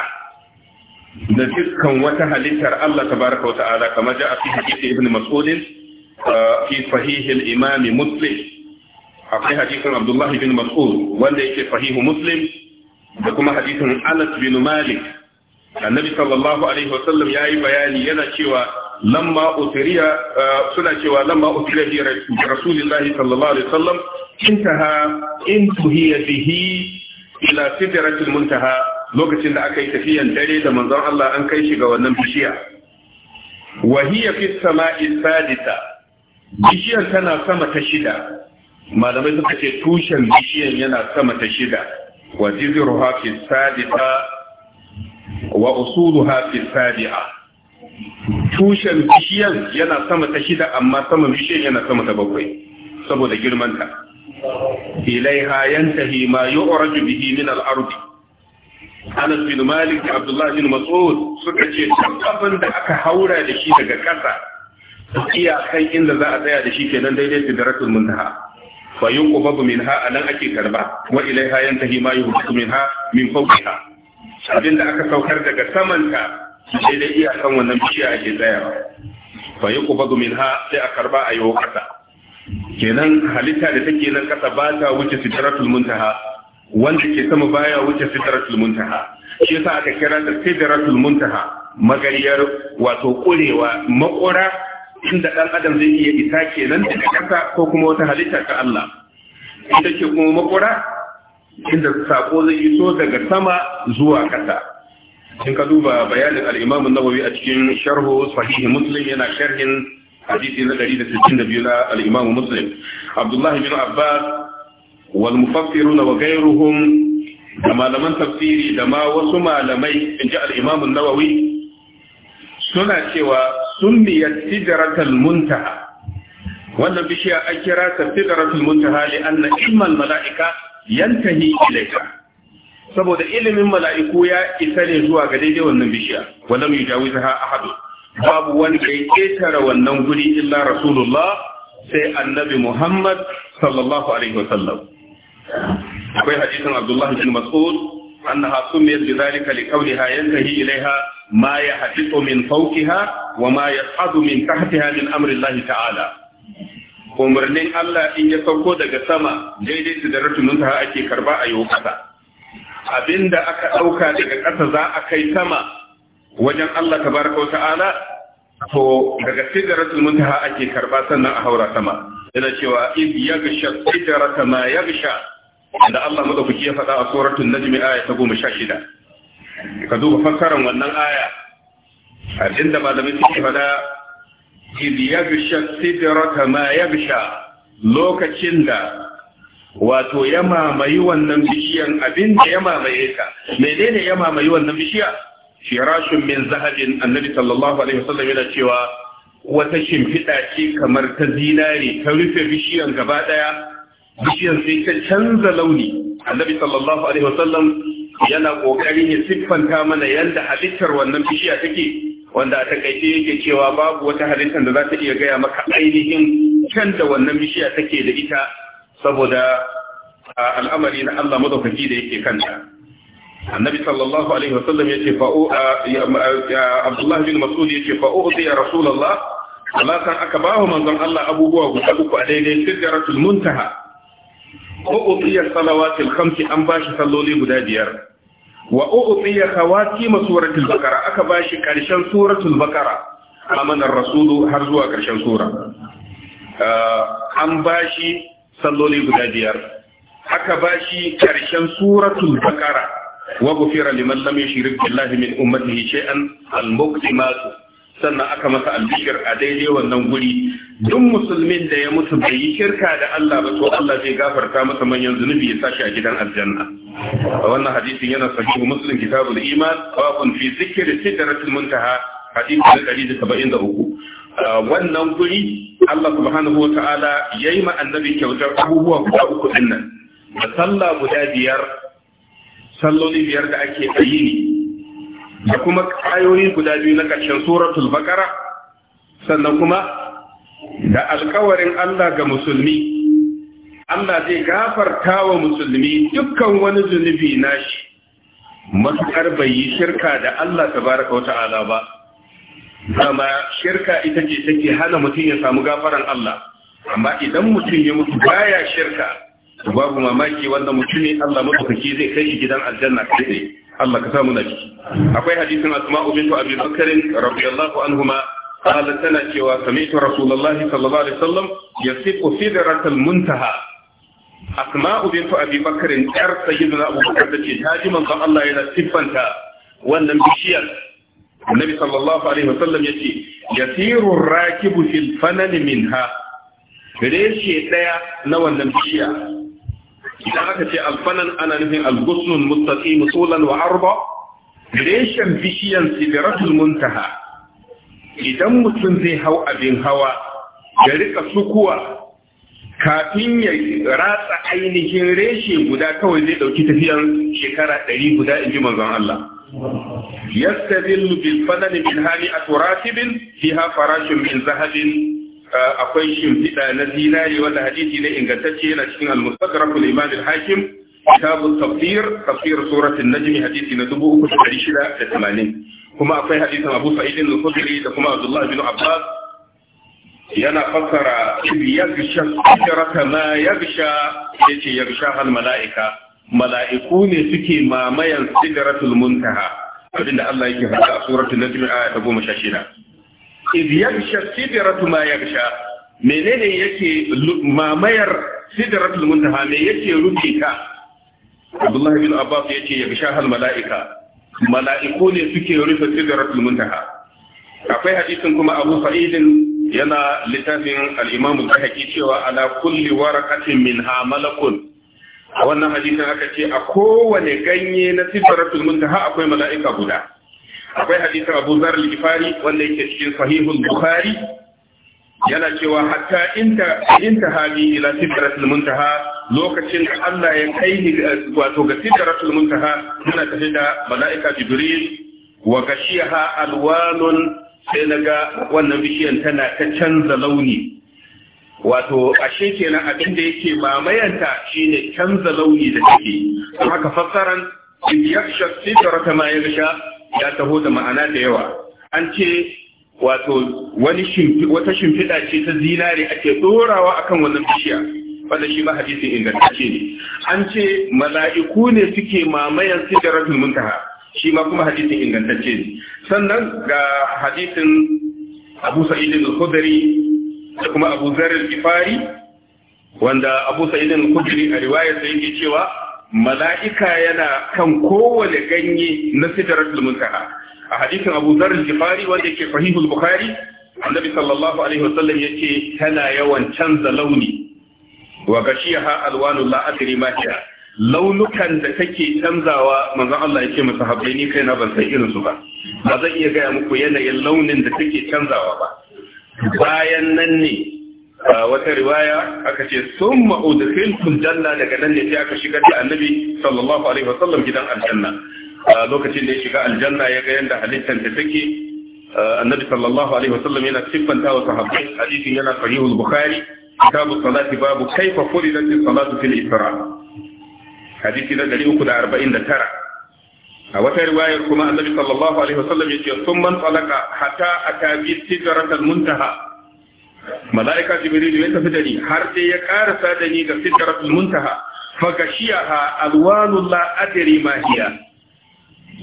da dukkan wata halittar Allah tabaraka wa ta'ala kamar da fi hadisi ibn mas'ud ah, fi sahih al-imam muslim akwai hadisin abdullahi bin mas'ud wanda yake sahihu muslim da kuma hadisin anas bin malik annabi sallallahu alaihi wasallam yayi bayani yana cewa lamma utriya uh, suna cewa lamma utriya bi rasulillahi sallallahu alaihi wasallam intaha intuhiya bihi ila sidratil muntaha lokacin da aka yi tafiyan dare da manzon Allah an kai shi ga wannan bishiya wa hiya fi samai sadita bishiyar tana sama ta shida malamai suka ce tushen bishiyan yana sama ta shida wa jizruha fi sadita wa usuluha fi sabi'a tushen bishiyan yana sama ta shida amma sama bishiyan yana sama ta bakwai saboda girmanta ilaiha yantahi ma yu'raju bihi min al Anas bin Malik da Abdullah bin Mas'ud suka ce kafan da aka haura da shi daga ƙasa iya kai inda za a tsaya da shi kenan daidai sidratul muntaha فينقبض منها ألن أكي كربا وإليها ينتهي ما يهبط منها من فوقها abin da aka saukar daga samanta sai dai iyakan wannan bishiya ake tsayawa fa yi kubadu min ha sai a karba a wa kasa kenan halitta da take nan kasa ba ta wuce sidratul muntaha wanda ke sama baya wuce sidratul muntaha shi yasa aka kira da sidratul muntaha magariyar wato kurewa makora inda dan adam zai iya isa kenan daga kasa ko kuma wata halitta ta Allah ita ce kuma makora inda sako zai iso daga sama zuwa kasa in ka duba bayanin al-Imam nawawi a cikin sharhu sahih Muslim yana sharhin hadisi na 162 na al Muslim Abdullah bin Abbas wal mufassiruna wa ghayruhum da malaman tafsiri da ma wasu malamai inji al-Imam nawawi suna cewa sunniyat tijaratul muntaha wannan bishiya an kira ta muntaha li anna ilmal mala'ika yantahi ilaika saboda ilimin mala'iku ya isa ne zuwa ga daidai wannan bishiya wanda mai jawi ta ahadu babu wani da ya wannan guri illa rasulullah sai annabi muhammad sallallahu alaihi sallam. akwai hadisin abdullahi bin mas'ud annaha sumiyat bi zalika li qawliha yantahi ilaiha ma yahdithu min fawqiha wa ma yas'adu min tahtiha min amri allah ta'ala umarnin Allah in ya sauko daga sama daidai su da ratumin ta ake karba a yau kasa abinda aka ɗauka daga kasa za a kai sama wajen Allah wata ta'ala to daga sidratul muntaha ake karba sannan a haura sama yana cewa iz ya sidrata ma yaghsha da Allah madaukaki ya faɗa a suratul najmi aya ta 16 ka duba fassarar wannan aya abinda malamai suke faɗa إذ يغشى السدرة ما يغشى lokacin da wato ya mamayi wannan bishiyan abin da ya mamaye ka menene ya mamayi wannan bishiya firashin min zahabin annabi sallallahu alaihi wasallam yana cewa wata shimfiɗa ce kamar ta zinare ta rufe bishiyan gaba daya bishiyan sai ta canza launi annabi sallallahu alaihi wasallam yana kokarin ya siffanta mana yanda halittar wannan bishiya take wanda a takaice yake cewa babu wata halittar da za ta iya gaya maka ainihin can da wannan bishiya take da ita saboda al'amari na Allah madaukaki da yake kanta annabi sallallahu alaihi wasallam yace fa Abdullah bin Mas'ud yace fa uti ya rasulullah alakan aka bahu manzon Allah abubuwa guda uku a daidai sidratul muntaha ko uti ya salawatil khamsi an bashi salloli guda biyar wa u'tiya khawatim suratul bakara aka bashi karshen suratul bakara amana rasulu har zuwa karshen sura ah, an bashi salloli guda biyar aka bashi karshen suratul bakara wa ghufira liman lam yushrik billahi min ummatihi shay'an al-muqtimatu sannan aka masa albishir a daidai wannan guri duk musulmin da ya mutu bai yi shirka da Allah ba to Allah zai gafarta masa manyan zunubi ya sashi a gidan aljanna a wannan hadisin yana sahihu muslim kitabul iman babun fi zikri sidratul muntaha hadisi 173 wannan guri Allah subhanahu wata'ala ya yi annabi kyautar abubuwa guda uku dinnan sallah guda biyar salloli biyar da ake ayi ne da kuma ayoyi guda biyu na ƙarshen suratul bakara sannan kuma da alkawarin Allah ga musulmi Allah zai gafarta wa musulmi dukkan wani zunubi nashi matuƙar bai yi shirka da Allah ta tabaraka wa ta'ala ba amma shirka ita ce take hana mutum ya samu gafaran Allah amma idan mutum ya mutu baya shirka babu mamaki wanda mutum ne Allah madaukaki zai kai shi gidan aljanna kai Allah ka samu nabi akwai hadisin asma'u bintu abi bakr radiyallahu anhuma qala sana cewa sami'tu rasulullahi sallallahu alaihi wasallam yasifu sidratal muntaha asma'u bintu abi bakr yar sayyidina abu bakr tace taji manzo Allah yana sifanta wannan bishiyar annabi sallallahu alaihi wasallam yace yasiru rakibu fil fanan minha reshe daya na wannan bishiyar idan aka ce alfanan ana nufin algusnun mustaqim sulan wa arba reshen bishiyan sidratul muntaha idan mutum zai hau abin hawa ya rika sukuwa kafin ya ratsa ainihin reshe guda kawai zai dauki tafiyan shekara ɗari guda in ji manzon Allah yastadillu bil fadl min hani aturatibin fiha farashin min zahabin akwai shimfiɗa na zinari wanda hadisi ne ingantacce yana cikin al-mustadrak imam al-hakim kitab tafsir tafsir surat an-najm hadisi na 3680 kuma akwai hadisin Abu Sa'id al-Khudri da kuma Abdullah bin Abbas yana fassara yagsha sirata ma yagsha yace yagsha hal mala'ika mala'iku ne suke mamayan sidratul muntaha abinda Allah yake faɗa a suratul najm ayat 16 iz yaghsha sidratu ma yaghsha menene yake mamayar sidratul muntaha me yake rufe ka Abdullah bin Abbas yace yaghsha hal malaika mala'iku ne suke rufe sidratul muntaha akwai hadisin kuma Abu Sa'id yana littafin al-Imam al-Bahaqi cewa ala kulli waraqatin minha malakun wannan hadisin aka ce a kowane ganye na sidratul muntaha akwai mala'ika guda akwai hadisin Abu Zar al wanda yake cikin Sahihul Bukhari yana cewa hatta inta ila bi ila sidratil muntaha lokacin da Allah ya kai ni wato ga sidratul muntaha muna tafi da malaika Jibril wa gashiyaha alwanun sai naga wannan bishiyan tana ta canza launi wato ashe kenan abin yake mamayanta shine canza launi da take don haka fassaran shafi yaksha sidrata ma yaksha ya taho da ma'ana da yawa an ce wato wani wata shimfiɗa ce ta zinare ake dorawa akan wannan bishiya wanda shi ma hadisin ingantacce ne an ce mala'iku ne suke mamayan sidratul muntaha shi ma kuma hadisin ingantacce ne sannan ga hadisin Abu Sa'id al-Khudri da kuma Abu Zar al-Ghifari wanda Abu Sa'id al-Khudri a riwayar sa yake cewa mala'ika yana kan kowane ganye na sidratul muntaha a hadisin Abu Dharr wanda yake sahihul Bukhari annabi sallallahu alaihi wasallam yace tana yawan canza launi wa gashiyaha alwanul la launukan da take canzawa manzon Allah yake masa habbai ni kaina ban san irin su ba ba zan iya gaya muku yanayin launin da take canzawa ba bayan nan ne wata riwaya aka ce sun ma'udufin janna daga nan ne sai aka shigar da annabi sallallahu alaihi wasallam gidan aljanna lokacin da ya shiga aljanna ya ga yadda halittar da take annabi sallallahu alaihi wasallam yana siffanta wa sahabbai hadisin yana sahihul bukhari kitabu salati babu kaifa furidat salatu fil isra hadisi na 349 a wata riwaya kuma annabi sallallahu alaihi wasallam yace sun man talaka hatta atabi bi sidratil muntaha mala'ika jibril ya tafi da ni har sai ya karasa da ni ga sidratul muntaha fa gashiyaha alwanul la adri ma hiya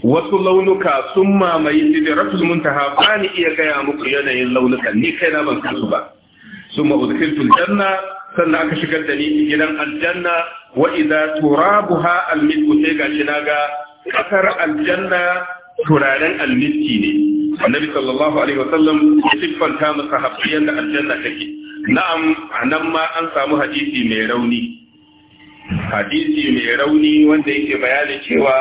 wasu launuka sun mamayi sidratul muntaha ba ni iya gaya muku yanayin launukan ni kai na ban kasu ba summa udkhiltul janna sannan aka shigar da ni gidan aljanna wa idza turabuha almilku sai gashi naga kasar aljanna turaren almiski ne annabi sallallahu alaihi wasallam ya siffanta mu sahabbai yanda aljanna take na'am anan ma an samu hadisi mai rauni hadisi mai rauni wanda yake bayani cewa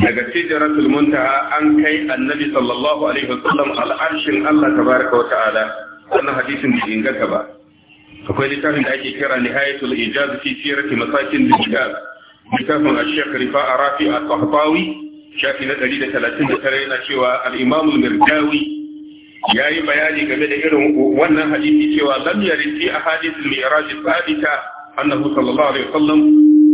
daga sijaratul muntaha an kai annabi sallallahu alaihi wasallam al'arshin Allah tabaraka wa ta'ala wannan hadisin da inganta ba akwai littafin da ake kira nihayatul ijaz fi sirati masakin al-kitab littafin al-shaykh rifa'a rafi al-tahtawi shafi na 139 yana cewa al-Imam al-Mirdawi yayi bayani game da irin wannan hadisi cewa lam yarid fi ahadith al-mi'raj thabita annahu sallallahu alaihi wasallam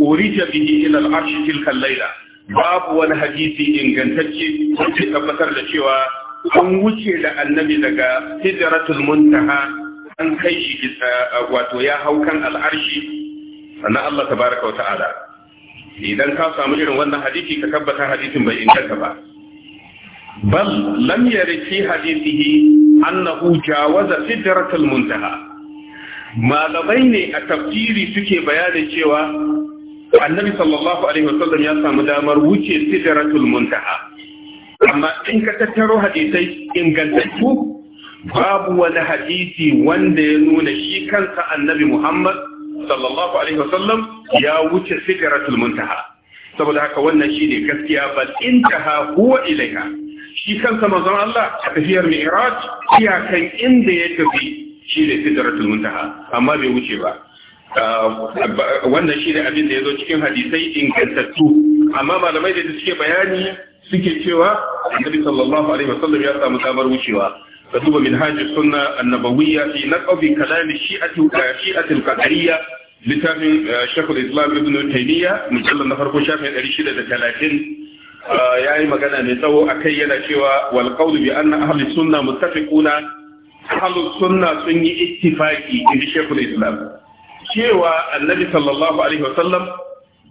urija bihi ila al-arsh tilka al-layla babu wani hadisi ingantacce wanda tabbatar da cewa an wuce da annabi daga sidratul muntaha an kai shi eh, wato ya hau kan al-arshi sannan Allah tabaraka wa ta'ala idan ka samu irin wannan hadisi ka tabbata hadisin bai inganta ba bal lam yarid hadisihi annahu jawaza sidratul muntaha malamai ne a tafsiri suke bayanin cewa annabi sallallahu alaihi wasallam ya samu damar wuce sidratul muntaha amma in ka tattaro hadisai ingantattu babu wani hadisi wanda ya nuna shi kansa annabi muhammad sallallahu alaihi wasallam ya wuce sidratul muntaha saboda haka wannan shine gaskiya bal intaha huwa ilaiha shi kansa manzon Allah a tafiyar mi'raj kan inda ya tafi shine sidratul muntaha amma bai wuce ba ah, wannan shine abin da ya zo cikin hadisai ingantattu amma malamai da suke bayani suke cewa annabi sallallahu alaihi wasallam ya samu damar wucewa ka duba minhajus sunna annabawiyya fi naqbi kalam shi'ati shi'ati al-qadariyya littafin shekul islam ibn taymiya na farko shafin 630 ya yi magana mai tsawo a yana cewa wal qawlu bi anna ahli sunna muttafiquna ahli sunna sun yi ittifaqi inda shekul islam cewa annabi sallallahu alaihi wasallam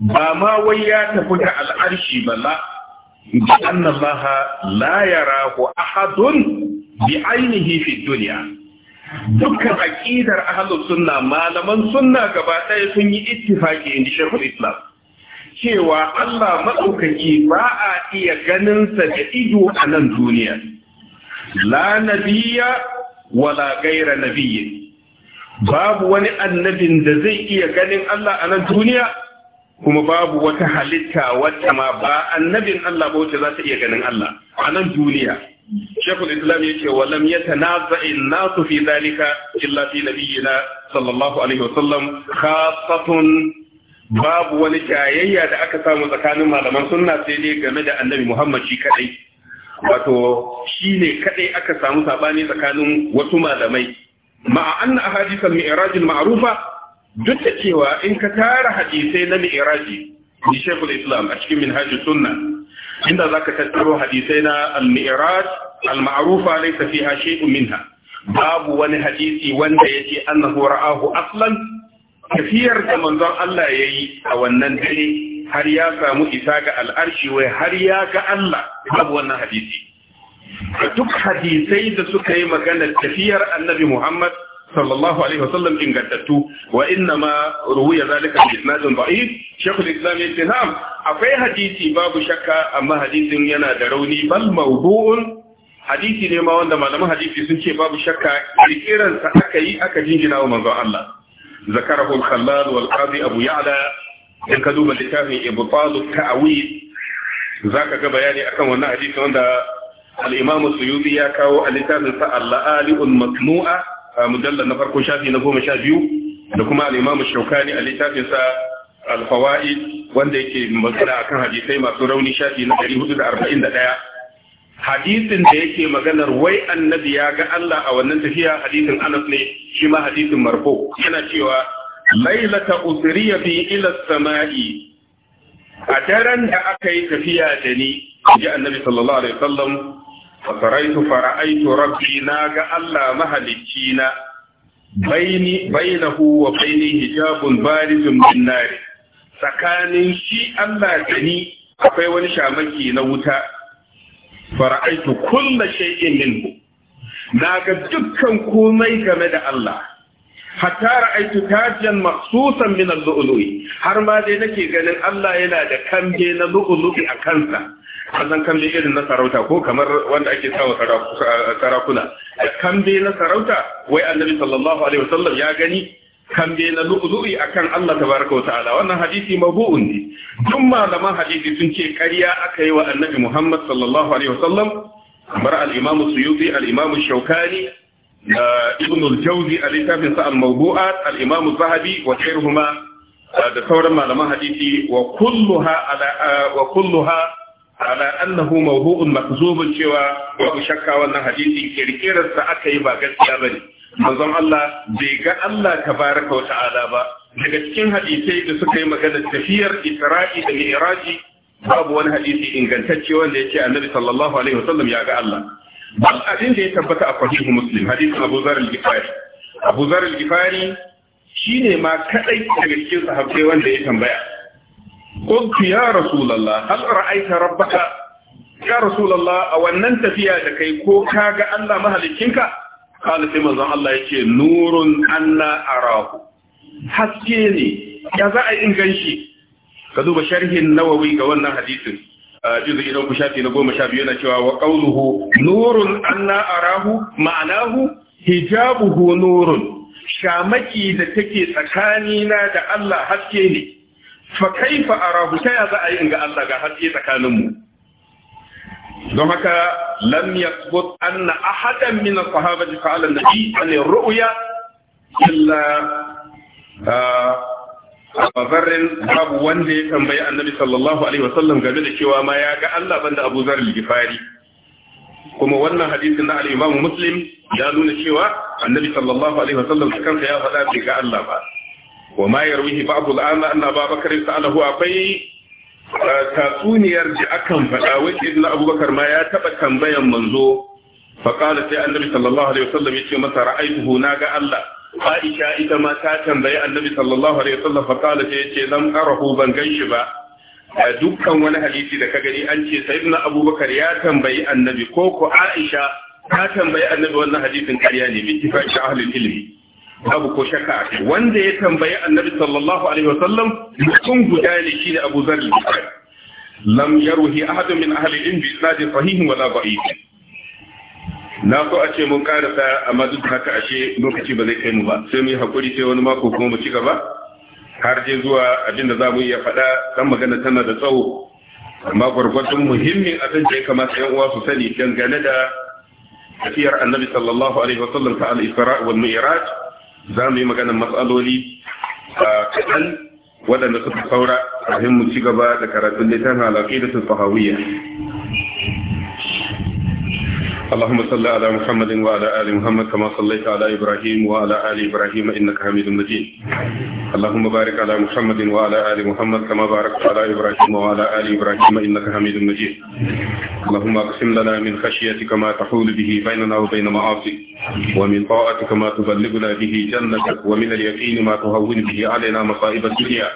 ba ma wai ya tafi da al'arshi ba la bi anna allaha la yarahu ahadun bi ainihi fi duniya dukkan aqidar ahlus sunna malaman sunna gaba daya sun yi ittifaki inda shaykhul islam cewa Allah maɗaukaki ba a iya ganin sa da ido a nan duniya la nabiyya wala gaira nabiyyi babu wani annabin da zai iya ganin Allah a nan duniya kuma babu wata halitta wacce ma ba annabin Allah ba wacce za ta iya ganin Allah a nan duniya shekul islam ya ce walam ya na su fi zalika illa fi nabiyina sallallahu alaihi wasallam khasatun babu wani jayayya da aka samu tsakanin malaman sunna sai dai game da annabi muhammad shi kadai wato shi ne kadai aka samu sabani tsakanin wasu malamai ma'a anna ahadithal mi'raj ma'rufa duk da cewa in ka tara hadisai na mi'raji ni shekul islam a cikin minhajus sunna inda zaka tattaro hadisai na al-mi'raj al-ma'rufa laysa fiha shay'un minha babu wani hadisi wanda yake annahu ra'ahu aslan tafiyar da manzon Allah yayi a wannan dare har ya samu isa ga al'arshi wai har ya ga Allah babu wannan hadisi duk hadisai da suka yi magana tafiyar annabi Muhammad sallallahu alaihi wasallam wa inna ma ruwiya zalika bi isnadin da'if shaykh al-islam yace na'am akwai hadisi babu shakka amma hadisin yana da rauni bal mawdu'un hadisi ne ma wanda malaman hadisi sun ce babu shakka kirkiran sa aka yi aka jingina wa manzon Allah zakarahu al-khallal wal abu ya'la in ka duba littafin ibtal at-ta'wil zaka ga bayani akan wani hadisi wanda al-imam suyuti ya kawo a littafin sa al-la'ali al-masnu'a mujallar na farko shafi na goma sha biyu da kuma al'imamu shaukani a sa alfawa'id wanda yake magana akan hadisai masu rauni shafi na 441 hadisin da yake maganar wai annabi ya ga Allah a wannan tafiya hadisin Anas ne shi ma hadisin marko yana cewa lailata usriya bi ila samai a daren da aka yi tafiya da ni ji annabi sallallahu alaihi wasallam fasaraitu fara'aitu rabbi na ga Allah mahalicci na baini bainahu wa baini hijabun barizun min nari tsakanin shi Allah da ni akwai wani shamaki na wuta fara'aitu kullu shay'in minhu na ga dukkan komai game da Allah hatta ra'aitu tajiyan maksusan min al-lu'lu'i har ma dai nake ganin Allah yana da kambe na lu'lu'i a kansa wannan kambe irin na sarauta ko kamar wanda ake sawa sarakuna kambe na sarauta wai annabi sallallahu alaihi wasallam ya gani kambe na lu'lu'i akan Allah tabaraka ta'ala wannan hadisi mabu'un ne duk malaman hadisi sun ce ƙarya aka yi wa annabi Muhammad sallallahu alaihi wasallam kamar al-Imam Suyuti al-Imam Shawkani Ibn al-Jawzi a littafin sa al-Mawdu'at al-Imam Zahabi wa ghayruhuma da sauran malaman hadisi wa kulluha ala wa kulluha ala annahu mawdu'un mahzubun cewa babu shakka wannan hadisi kirkirar sa aka yi ba gaskiya bane manzon Allah bai ga Allah tabaraka wa ta'ala ba daga cikin hadisai da suka yi magana tafiyar Isra'i da Mi'raji babu wani hadisi ingantacce wanda yake Annabi sallallahu alaihi wasallam ya ga Allah bal abin da ya tabbata a sahihu Muslim hadisin Abu Zar al-Ghifari Abu al-Ghifari shine ma kadai daga cikin sahabbai wanda ya tambaya قلت يا رسول الله هل رأيت ربك يا رسول الله أو أن أنت فيها لكي كوكا ألا مهلكينك قال في مزان الله يكي نور أنا أراه حسيني يا زائي إن غنشي كذوب شرح النووي قولنا حديث جزء إلى بشاتي نقول مشابيون شوى وقوله نور أنا أراه معناه hijabuhu nurun shamaki da take tsakanina da Allah haske ne fa kaifa arahu ta ya za a yi in ga Allah ga haske tsakanin mu don haka lam yasbut anna ahadan min as-sahabati qala an-nabi an ru'ya illa ah, Abu Zarrin babu wanda ya tambayi Annabi sallallahu alaihi game da cewa ma ya ga Allah banda Abu Zarr al kuma wannan hadisin na al-Imam Muslim ya nuna cewa Annabi sallallahu alaihi kansa ya faɗa bai ga Allah ba wa ma yarwihi ba'd al-an anna Abubakar akwai uh, tatsuniyar da akan faɗa wace ibn Abubakar ma ya taba tambayan manzo fa qala sai annabi sallallahu alaihi wasallam yace masa ra'aytuhu naga Allah Aisha ita ma ta tambayi annabi sallallahu alaihi wasallam fa qala sai yace lam arahu ban ganshi ba dukkan wani hadisi da ka gani an ce sayyidina Abubakar ya tambayi annabi Aisha ta tambayi annabi wannan hadisin karya ne bi ittifaqi ahlul ilmi babu ko shakka wanda ya tambayi annabi sallallahu alaihi wasallam mutum guda ne shi da Abu Zar lam yaruhi ahad min ahli bi sahih wa la da'if na so a ce mun karasa amma duk haka ashe lokaci ba zai kai mu ba sai mu yi hakuri sai wani mako kuma mu ci gaba har je zuwa abinda za mu iya faɗa dan magana tana da tsawo amma gwargwadon muhimmin abin da ya kamata yan uwa su sani dangane da tafiyar annabi sallallahu alaihi wasallam ta al-isra wal mi'raj za mu yi maganar matsaloli a kaɗan waɗanda suka saura kafin mu ci gaba da karatun littafin alaƙi da tafahawiyya اللهم صل على محمد وعلى آل محمد كما صليت على إبراهيم وعلى آل إبراهيم إنك حميد مجيد اللهم بارك على محمد وعلى آل محمد كما باركت على إبراهيم وعلى آل إبراهيم إنك حميد مجيد اللهم اقسم لنا من خشيتك ما تحول به بيننا وبين معاصيك ومن طاعتك ما تبلغنا به جنتك ومن اليقين ما تهون به علينا مصائب الدنيا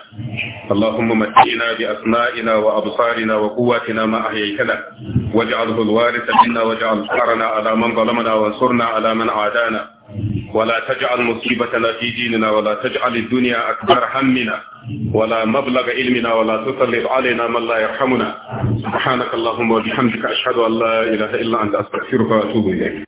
اللهم متعنا بأسمائنا وأبصارنا وقواتنا ما أحييتنا واجعله الوارث منا واجعل ثارنا على من ظلمنا وانصرنا على من عادانا ولا تجعل مصيبتنا في ديننا ولا تجعل الدنيا أكبر همنا ولا مبلغ علمنا ولا تسلط علينا من لا يرحمنا سبحانك اللهم وبحمدك أشهد أن لا إله إلا أنت أستغفرك وأتوب إليك